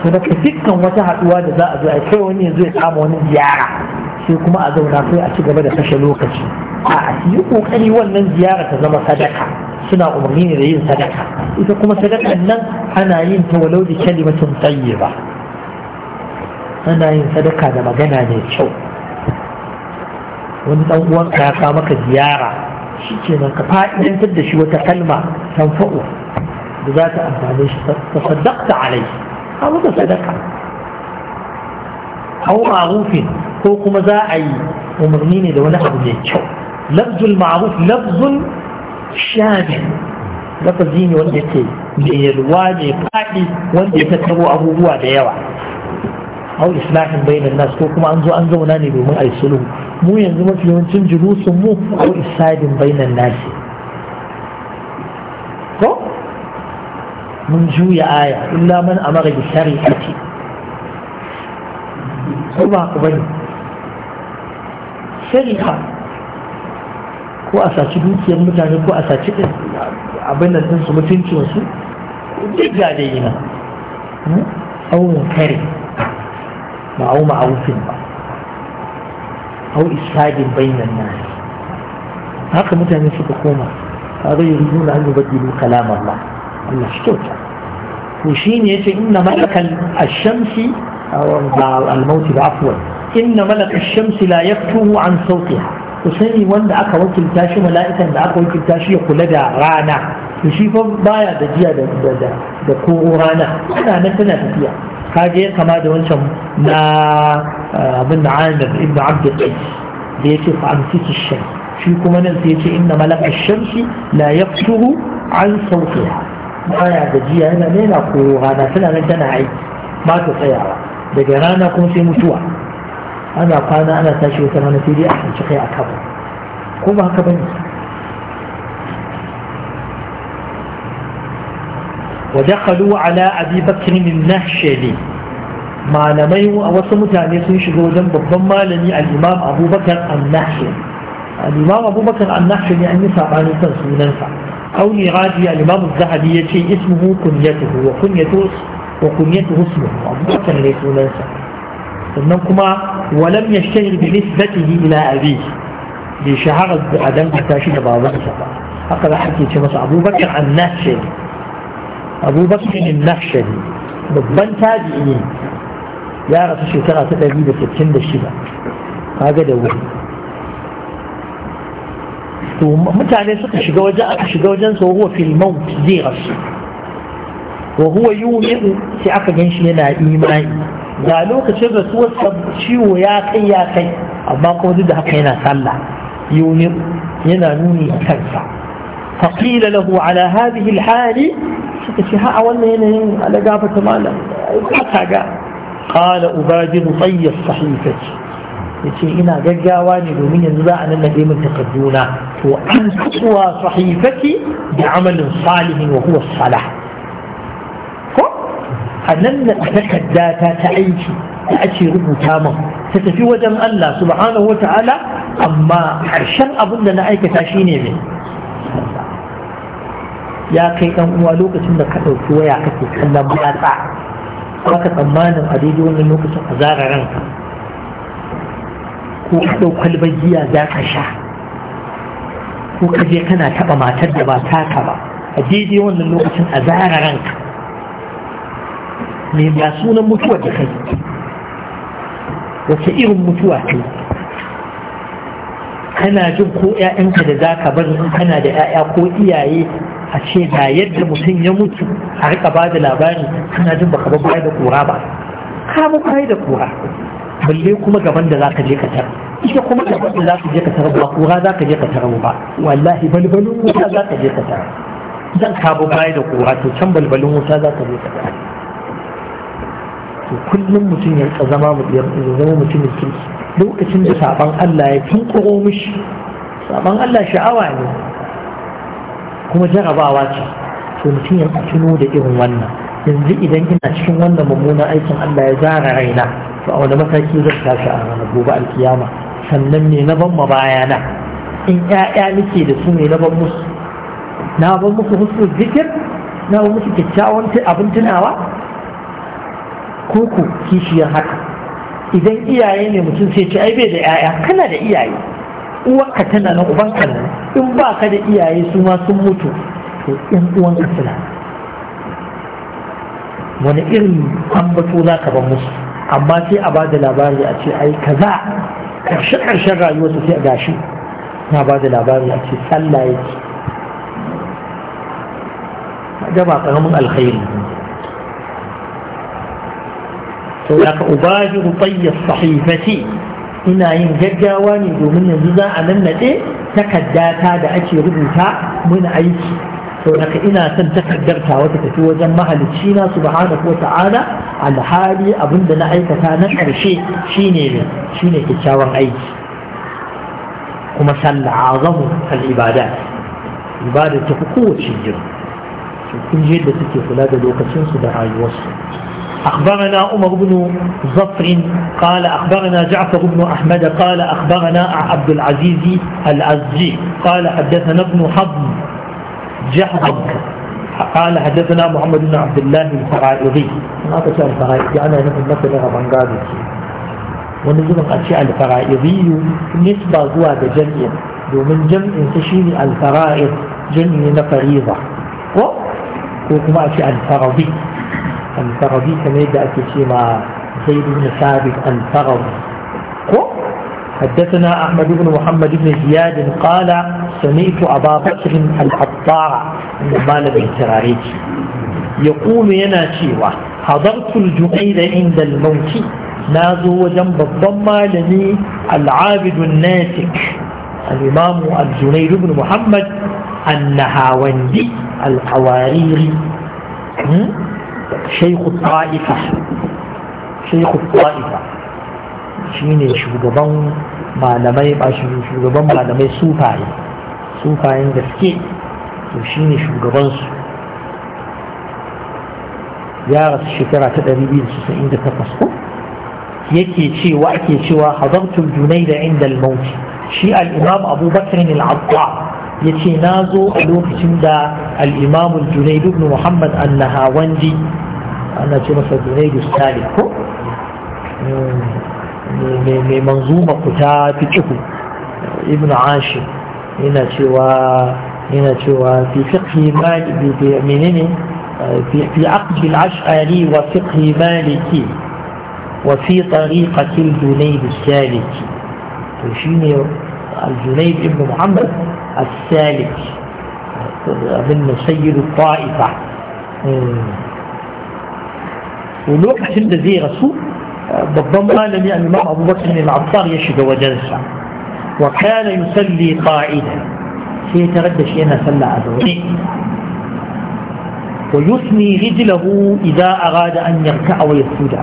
فذلك سكا وتهت وادا ذا أزوء كي وني يزوء قام وني زيارة sai kuma a zauna sai a ci gaba da kashe lokaci a yi kokari wannan ziyara ta zama sadaka suna umarni ne da yin sadaka ita kuma sadakan nan ana yin ta walau da kalimatin tayyiba ana yin sadaka da magana mai kyau wani dan uwanka ya kawo maka ziyara shi ke nan ka fa'idantar da shi wata kalma tanfa'u da za ta amfane shi ta saddaqta alai ka maka sadaka ma'rufin ko kuma za a yi umarni ne da wani abu mai kyau lafzul ma'ruf lafzul shamil lafazi ne wanda yake mai yalwa mai faɗi wanda ya tattaro abubuwa da yawa hau islahin bainan nas ko kuma an zo an zauna ne domin a yi sulhu mu yanzu mafi yawancin julusun mu ko isadin bainan nasi ko mun juya aya illa man amara bi shari'ati ko ba ku bane shari'a ko a saci dukiyar mutane ko a saci abin da su mutuncin su duk ga dai yana aunin kare ma'au ma'aufin ba au isadin bainan nas haka mutane suka koma kaga yuriduna an yubaddilu kalam Allah Allah shi kyauta to shine yace inna malakal ash-shamsi aw al-maut afwan inna malak ash-shamsi la yaktuhu an sawtiha ku sani wanda aka wakilta shi mala'ikan da aka wakilta shi ya kula da rana to shi fa baya da jiya da da rana tana nan tana tafiya ya kama da wancan na abin da amir ibn abdul da yace fa amsiki shan shi kuma nan sai yace inna malak shan shamsi la yaqtuhu an sawtiha baya gajiya yana ne na rana tana nan tana aiki ba ta tsayawa daga rana kuma sai mutuwa ana kwana ana tashi wata rana sai dai a kanci kai a kafa ko ba haka bane ala على أبي بكر النهشلي malamai a wasu mutane sun shiga wajen babban malami al-imam abubakar annashi al-imam abubakar annashi ne an yi sabani kan sunansa auni radi al-imam zahabi ya ce ismuhu kunyatuhu wa kunyatuhu wa kunyatuhu ismuhu abubakar ne sunansa sannan kuma walam yashtahir bi nisbatihi ila abi bi shahara adan danganta shi da babansa haka za ake ce masa abubakar annashi abubakar annashi babban tabi'i ya rasu shekara ta 166 kaga da wuri to mutane suka shiga wajen aka shiga wajen sa huwa fil maut zai rasu wa huwa yu'minu sai aka ganshi yana imani ga lokacin rasuwar ciwo ya kai ya kai amma kuma duk da haka yana sallah yu'minu yana nuni a kansa فقيل له على هذه الحال suka ce ha a wannan yanayin ala gafa ta malam ai ba ta ga قال أبادر طي الصحيفة yace ina gaggawa ne domin yanzu za a nan nade min takadduna to an tsuwa sahifati da amalin salihin wa huwa salah ko annan da takadda ta ta aiki da ake rubuta min ta tafi wajen Allah subhanahu wa ta'ala amma harshen abin da na aikata shine me ya kai ɗan uwa lokacin da ka ɗauki waya kake kallon matsa baka tsammanin a daidai wannan lokacin a zara ranka ko ka ɗau kwalbar giya za ka sha ko ka je kana taɓa matar da ba taka ba a daidai wannan lokacin a zara ranka me ya sunan mutuwar da kai wace irin mutuwa ce kana jin ko 'ya'yanka da za ka bari in kana da 'ya'ya ko iyaye a ce da yadda mutum ya mutu a rika ba da labari suna jin baka babu da kura ba ka kai da kura balle kuma gaban da zaka je ka tar ita kuma gaban da zaka je ka tar ba kura zaka je ka tar ba wallahi balbalin wuta zaka je ka tar zan ka kai da kura to can balbalin wuta zaka je ka tar to kullum mutum ya rika zama zama mutumin kirki lokacin da saban Allah ya tunkuro mishi saban Allah sha'awa ne kuma jarabawa ce to mutum ya tuno da irin wannan yanzu idan ina cikin wannan mummunan aikin Allah ya zara raina to a wani mataki zan tashi a ranar gobe alkiyama sannan ne na ban ma bayana in ƴaƴa nake da su ne na ban musu na ban musu husnul zikir na ban musu kyakkyawan abin tunawa ko ku kishiyar haka idan iyaye ne mutum sai ce ai bai da ƴaƴa kana da iyaye uwarka tana nan uban nan in ba ka da iyaye su ma sun mutu to 'yan uwan ka suna wani irin ambato za ka ban musu amma sai a ba da labari a ce ai kaza karshe karshen rayuwarsa sai a gashi na ba da labari a ce sallah yake da ba karamin alkhairi to da ka ubaji rubayyar sahifati ina yin gaggawa ne domin yanzu za a nannaɗe takaddata da ake rubuta muna aiki to haka ina son takaddarta wata tafi wajen mahalicci na subhanahu wa ta'ala alhali abinda na aikata na ƙarshe shine ne shine kyakkyawan aiki kuma sallah azamu al ibada ibada ta fi kowace jira kun je da suke kula da lokacinsu da rayuwarsu أخبرنا عمر بن زفر قال أخبرنا جعفر بن أحمد قال أخبرنا عبد العزيز الأزجي قال حدثنا ابن حضم جحدك قال حدثنا محمد بن عبد الله الفرائضي أنا أتشاء الفرائضي أنا هنا نفس مثل رمضان ونزل أشياء الفرائضي نسبة زوا بجمع ومن جمع تشين الفرائض جمع فريضة وكما أشياء الفرائضي alfarabi kamar yadda ake ce ma zaid ibn sabit alfarabi ko حدثنا أحمد بن محمد بن زياد قال سمعت أبا بكر العطار مال الانتراريج يقول ينا شيوا حضرت الجميل عند الموت نازو وجنب الضمى لني العابد الناسك الإمام الجنيد بن محمد النهاوندي القواريري شيخ الطائفة شيخ الطائفة شيني شغبان malamai ba shugaban malamai sufaye sufayen gaske to shine shugabansu ya rasu shekara ta 298 ko yake cewa ake cewa hadartul junai da inda almauti shi al-imam abu bakr yace na zo a lokacin da al-imam al-junayd ibn muhammad an-nahawandi ana ce masa junayd salih ko mai manzuma ku ta fiqhu ibn ashir yana cewa yana cewa fi fiqhi malik bi menene في عقد العشعري وفقه مالكي وفي طريقة الجنيد السالكي وشيني الجنيد ابن محمد السالك ابن سيد الطائفة ولوح حسن الذي رسول بالضم قال لي أن الإمام أبو بكر بن العطار يشهد وجلس وكان يصلي قائدا في تردد شيء أنا صلى ويثني رجله إذا أراد أن يركع ويسجد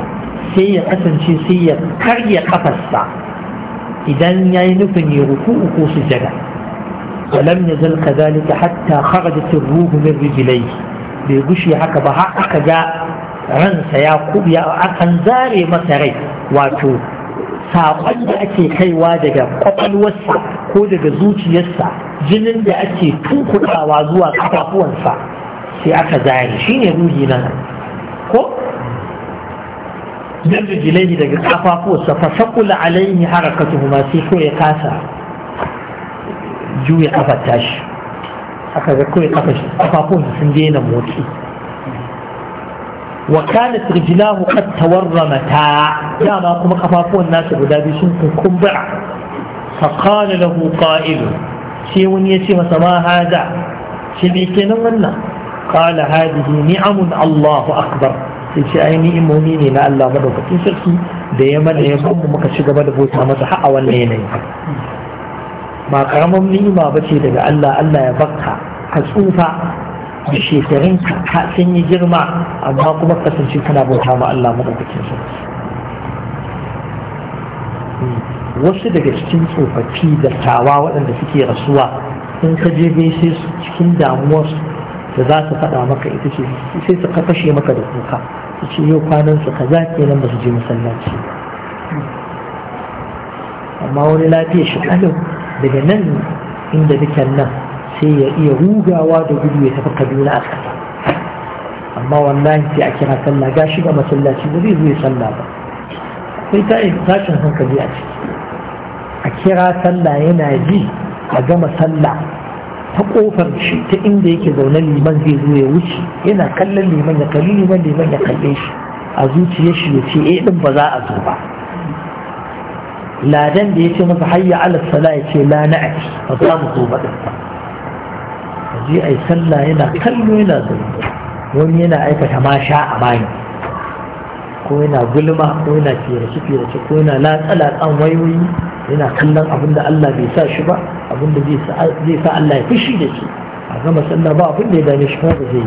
سي قسم شي سي كري قفص إذا ينفني يعني ركوعه في سجده ولم يزل كذلك حتى خرجت الروح من رجليه بيغشي حكا بها حكا جاء ransa ya kubiya akan zare masa rai wato saƙon da ake kaiwa daga ƙwaƙwalwarsa ko daga zuciyarsa jinin da ake tunkuɗawa zuwa kafafuwansa sai aka zare shi ne ruhi nan ko dan rijilai daga kafafuwarsa fa saqula alaihi harakatuhuma sai ko ya kasa juya kafar tashi aka ga kawai kafafunsa sun daina motsi wa kana rijlahu qad tawarramata dama kuma kafafun nasu guda biyu sun kumbura fa qala lahu qa'il sai wani yace masa ma hada shi me kenan wannan qala hadhihi ni'amun Allahu akbar sai ce ai ni'imomi ne na Allah madaukakin sarki da ya mana ya kuma muka ci gaba da bauta masa har a wannan yanayin ba karamin ni'ima ba ce daga Allah Allah ya baka ka tsufa da shekarun ka sun yi girma amma kuma kasance kana bauta ma Allah madaukakin sarki wasu daga cikin tsofaffi da tawa waɗanda suke rasuwa in ka je gaishe su cikin damuwar da za su faɗa maka ita ce sai su kashe maka da kuka su ce yau kwanan su kaza kenan ba su je masallaci amma wani lafiya shi kalau daga nan inda dukkan nan sai ya iya rugawa da gudu ya tafi kaduna a ƙasa amma wannan sai a kira sallah ga shi ga masallaci ba zai zo ya sallah ba sai akwai tashin hankali a ciki a kira sallah yana ji a gama sallah ta kofar shi ta inda yake zaune liman zai zo ya wuce yana kallon liman ya kalli liman liman ya kalle shi a zuciyar shi ya ce eh din ba za a zo ba ladan da ya ce masa hayya ala sala ya ce la na'ati ba za mu zo ba dinsa a je yi sallah yana kallo yana zaune wani yana aikata ma sha a bani ko yana gulma ko yana firace firace ko yana latsala kan wayoyi yana kallon abin da Allah bai sa shi ba abin da zai sa Allah ya fushi da shi a gama sallah ba abin da ya dame shi ba zai yi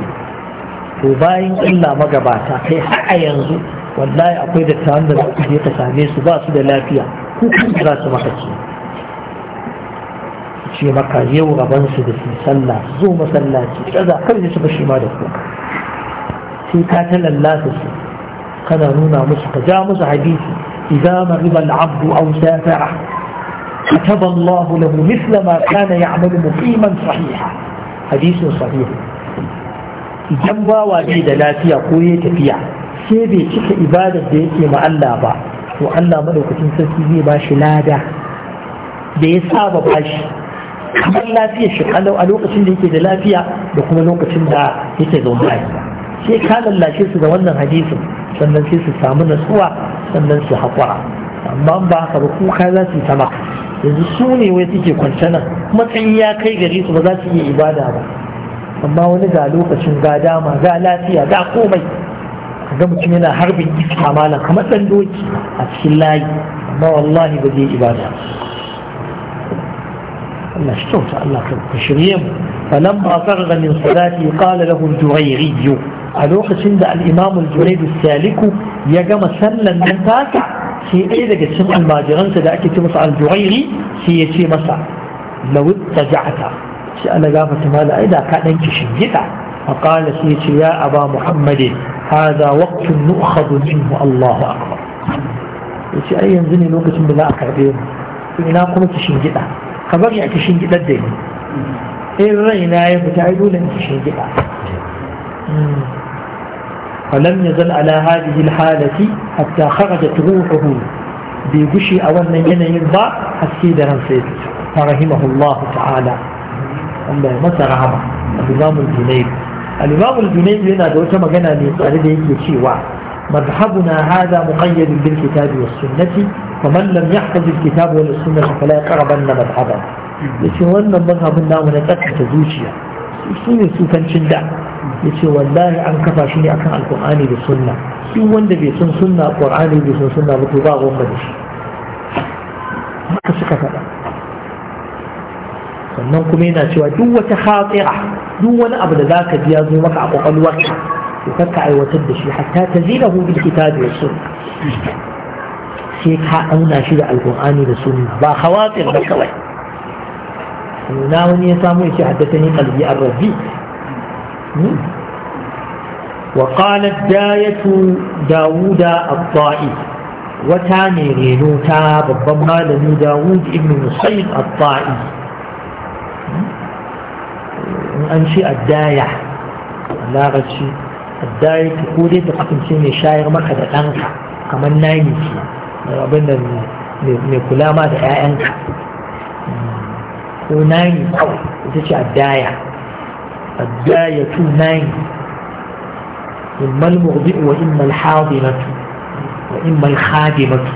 to bayan illa magabata kai har a yanzu wallahi akwai dattawan da za ku je ka same su ba su da lafiya kukan za su maka ce ce maka yau rabansu da su sallah zo masallaci kaza kawai su bashi ma da kuka sai ka ta lallata su kana nuna musu ka ja musu hadisi idan mariba al'abdu aw safara كتب الله له مثل ما كان يعمل مقيما صحيحا حديث صحيح idan bawa bai da lafiya ko ya tafiya sai bai cika ibadar da yake ma Allah ba to Allah madaukakin sarki zai ba shi lada da ya saba ba shi kamar lafiyar shi a lokacin da yake da lafiya da kuma lokacin da yake zaune a sai ka lallashe su da wannan hadisi sannan sai su samu natsuwa sannan su haƙura amma ba haka ba kuka za su sama yanzu su ne wai suke kwance matsayi ya kai gare su ba za su iya ibada ba amma wani ga lokacin ga dama ga lafiya ga komai ga mutum yana harbin iska kamar ɗan doki a cikin layi amma wallahi ba zai ibada Allah shi kyauta Allah ka shirye mu فلما فرغ من صلاته قال له الجريري ألوك سند الإمام الجريري السالك يقام سلا من تاسع في إذا قد سمع الماجران سدأك تمسع الجريري سيتي مسع لو اتجعت سأل قافة ماذا إذا كان انك شجتا فقال سيتي يا أبا محمد هذا وقت نؤخذ منه الله أكبر يتي أي ينزل لوكة بلا أكعبين إلا قمت شنجدة خبرني يعني شنجدة الدين إن إيه رينا يبتعدوا لن شنجدة فلم يزل على هذه الحالة حتى خرجت روحه بيقشي أولا ينين ضع السيدة نسيت فرحمه الله تعالى الله مسرها أبو الجنيد al-imam yana da wata magana mai tsare da yake cewa مذهبنا هذا مقيد بالكتاب والسنة فمن لم يحفظ الكتاب والسنة فلا يقربن مذهبا yace wannan mazhabin namu na tsakata zuciya su ne sufancin da yace wallahi an kafa shi ne akan alkur'ani da sunna su wanda bai san sunna qur'ani bai san sunna ba to ba gomba faɗa sannan kuma yana cewa duk wata khati'a duk wani abu da zaka ji ya zo maka a kwakwalwarka to kakka aiwatar da shi hatta ta zina hu bil kitabi wa sunna sai ka auna shi da alqur'ani da sunna ba khawatir ba kawai na wani ya samu ya ce haddathani qalbi ar-rabbi وقالت داية داوود الطائي وتاني رينو تاب الضمال داوود ابن مصيب الطائي in an ce addaya a larabci addaya ta ko dai ta kasance mai shayar maka da ɗanka kamar nani ce abin da mai kula ma da ƴaƴanka ko nani kawai ita ce addaya addaya tu nani imma al-murdi wa imma al-hadimatu wa imma al-khadimatu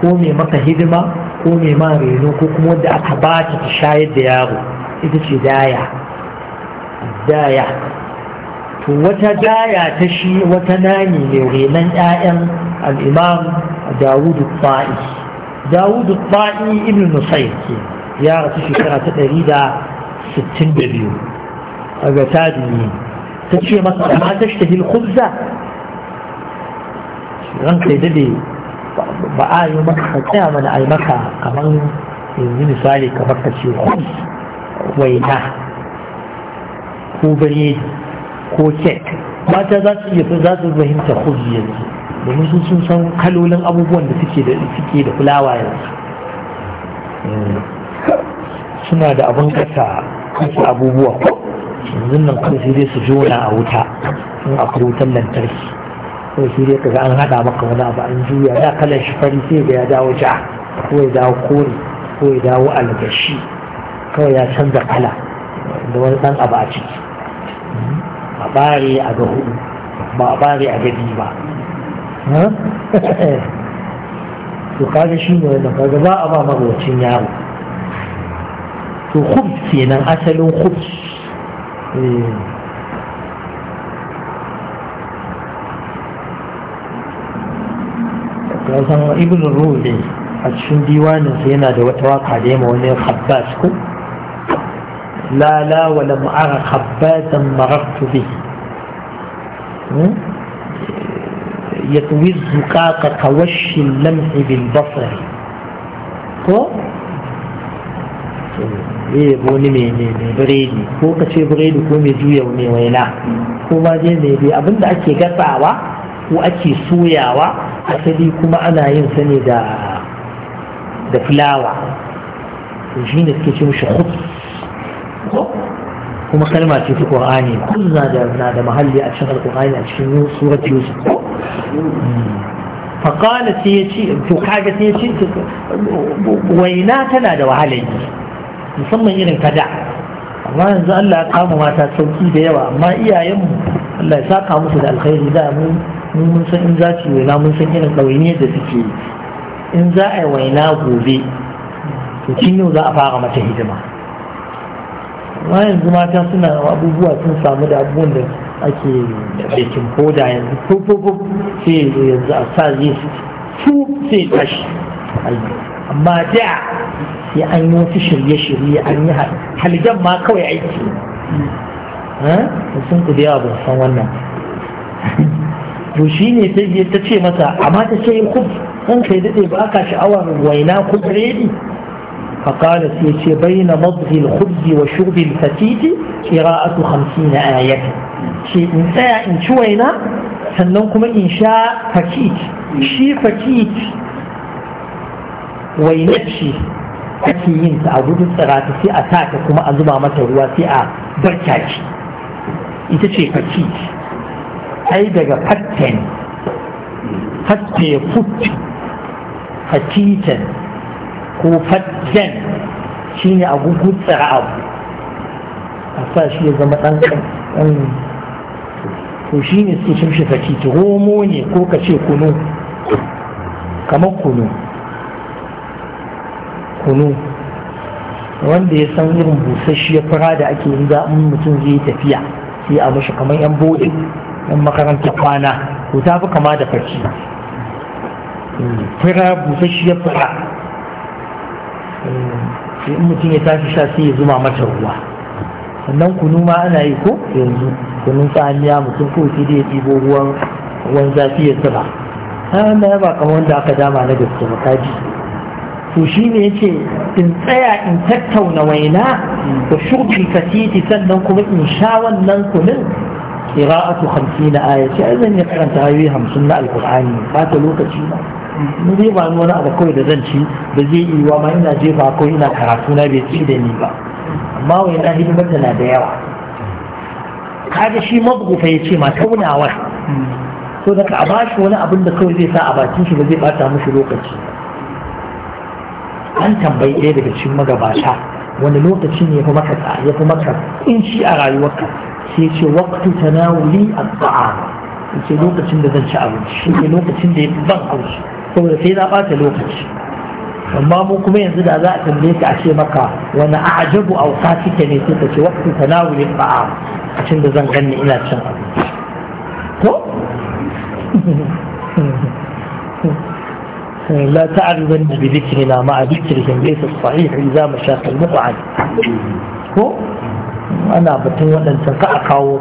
ko mai maka hidima ko mai ma reno ko kuma wanda aka ba ta shayar da yaro ita ce daya daya to wata daya ta shi wata nani ne renan 'ya'yan al'imam dawudu fa'i dawudu fa'i ibn nusayr ke ya rasu shekara ta ɗari da sittin da biyu a ga tadini ta ce masa amma ta shi ta hilkubza ranka ya dade ba a yi maka ka tsaya mana a maka kamar yanzu misali kamar ka ce waina ko biredi ko kek mata za su iya za su fahimta kuzi yanzu domin sun sun san kalolin abubuwan da suke da suke da fulawa yanzu eh, suna da abin kasa kasa abubuwa ko yanzu nan kan sai dai su jona a wuta in akwai wutan lantarki sai sai dai kaga an hada maka wani abu an juya da kalan shi fari sai ga ya dawo ja ko ya dawo kore ko ya dawo algashi kawai ya canza kala da wani ɗan abu a ciki a bare a ga hudu ba a bare a gadi ba to kaga shi ne wanda kaga ba a ba magwacin yaro to hub kenan asalin hub eh. ibn ruhi a cikin diwaninsa yana da wata waka da yamma wani habbas ko لا لا ولم أرى خباتا مررت به يطوي الزكاك كوش اللمح بالبصر كو ايه بوني مي مي مي بريدي كو كشي بريدي كو مي جوية ومي ويلا كو ما جي مي بي أبند أكي قطع وا كو أكي سويا وا أسدي كو معنا ينسني دا دا فلاوة وجينة كيشي مش خبز kuma kalma ce ta qur'ani kullu na da mahalli a cikin alqur'ani a cikin surat yusuf hmm. ya سيتي to kaga sai yace waina tana da wahalar musamman irin kada amma yanzu Allah ya kama mata sauki da yawa amma iyayenmu Allah ya saka musu da alkhairi da mu mun san in za su waina mun san irin ɗawainiyar da suke in za a yi waina gobe to tun yau za a fara mata hidima ma yanzu mata suna abubuwa sun samu da abubuwan da ake bakin foda yanzu fufufuf sai yanzu a sa zai su sai tashi amma da sai an yi wasu shirye-shirye an yi halgan ma kawai aiki eh? sun ku da yawa ban san wannan to shi ne sai ta ce masa amma ta ce kub ɗan kai daɗe ba ka sha'awar waina kub redi فقال سيتي بين مضغ الخبز وشرب الفتيت قراءة خمسين in شيء إن ساعة إن شوينا سننكم إن شاء فتيت شي فتيت وينبشي ake yin ta a gudun tsirata sai a taka kuma a zuba mata ruwa sai a barka shi ita ce faci ai daga fatten fatte fut ko faddan shi ne a gugutsara abu a sa shi ya zama ɗan ɗan ko shi ne su sun shi saki romo ne ko ka ce kunu kamar kunu kunu wanda ya san irin busasshiyar fara da ake yi za mutum zai tafiya sai a mashi kamar yan bude yan makaranta kwana ko ta fi kama da fashi fura busasshiyar fara Eh, in mutum ya tashi sha sai ya zuma mata ruwa sannan kunu ma ana yi ko yanzu kunun tsamiya mutum ko shi da ya ɗibo ruwan ruwan zafi ya zuba wannan ya ba kamar wanda aka dama na gaske ba kaji to shi ne ya ce in tsaya in tattauna waina da ka titi sannan kuma in sha wannan na kunin قراءة zan آية karanta يقرأ na na ba ta lokaci ba. ni zai ba ni wani abu kawai da zan ci da zai yi wa ma ina jefa ko ina karatu na bai ci da ni ba amma wai na hidimar na da yawa kaga shi mabugufa ya ce ma taunawar so daga a bashi wani abin da kawai zai sa a bakin shi ba zai bata mushi lokaci an tambayi ɗaya daga cikin magabata wani lokacin ya fi maka ya fi maka kunci a rayuwarka sai ce waqtu tanawuli a taam ce lokacin da zan ci abinci shi ne lokacin da ya ban haushi saboda sai na ɓata lokaci amma mu kuma yanzu da za a tambaye ka a ce maka wani ajabu a wuka kike ne sai ka ce waktu tanawulin ba'a a cikin da zan ganni ina cin ko لا تعرضن بذكرنا مع ذكرهم ليس الصحيح إذا مشاق المقعد ko ana batun waɗancan ka a kawo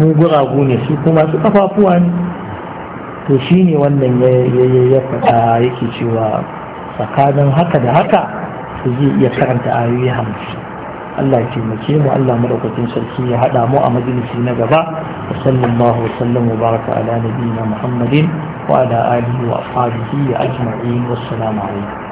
mu guragu ne su kuma su kafafuwa ne to shi ne wannan ya faɗa yake cewa tsakanin haka da haka su zai iya karanta ayoyi hamsin Allah ya taimake mu Allah madaukakin sarki ya haɗa mu a majalisi na gaba wa sallallahu wa sallam wa baraka ala nabiyina Muhammadin wa ala alihi wa ashabihi ajma'in wassalamu alaikum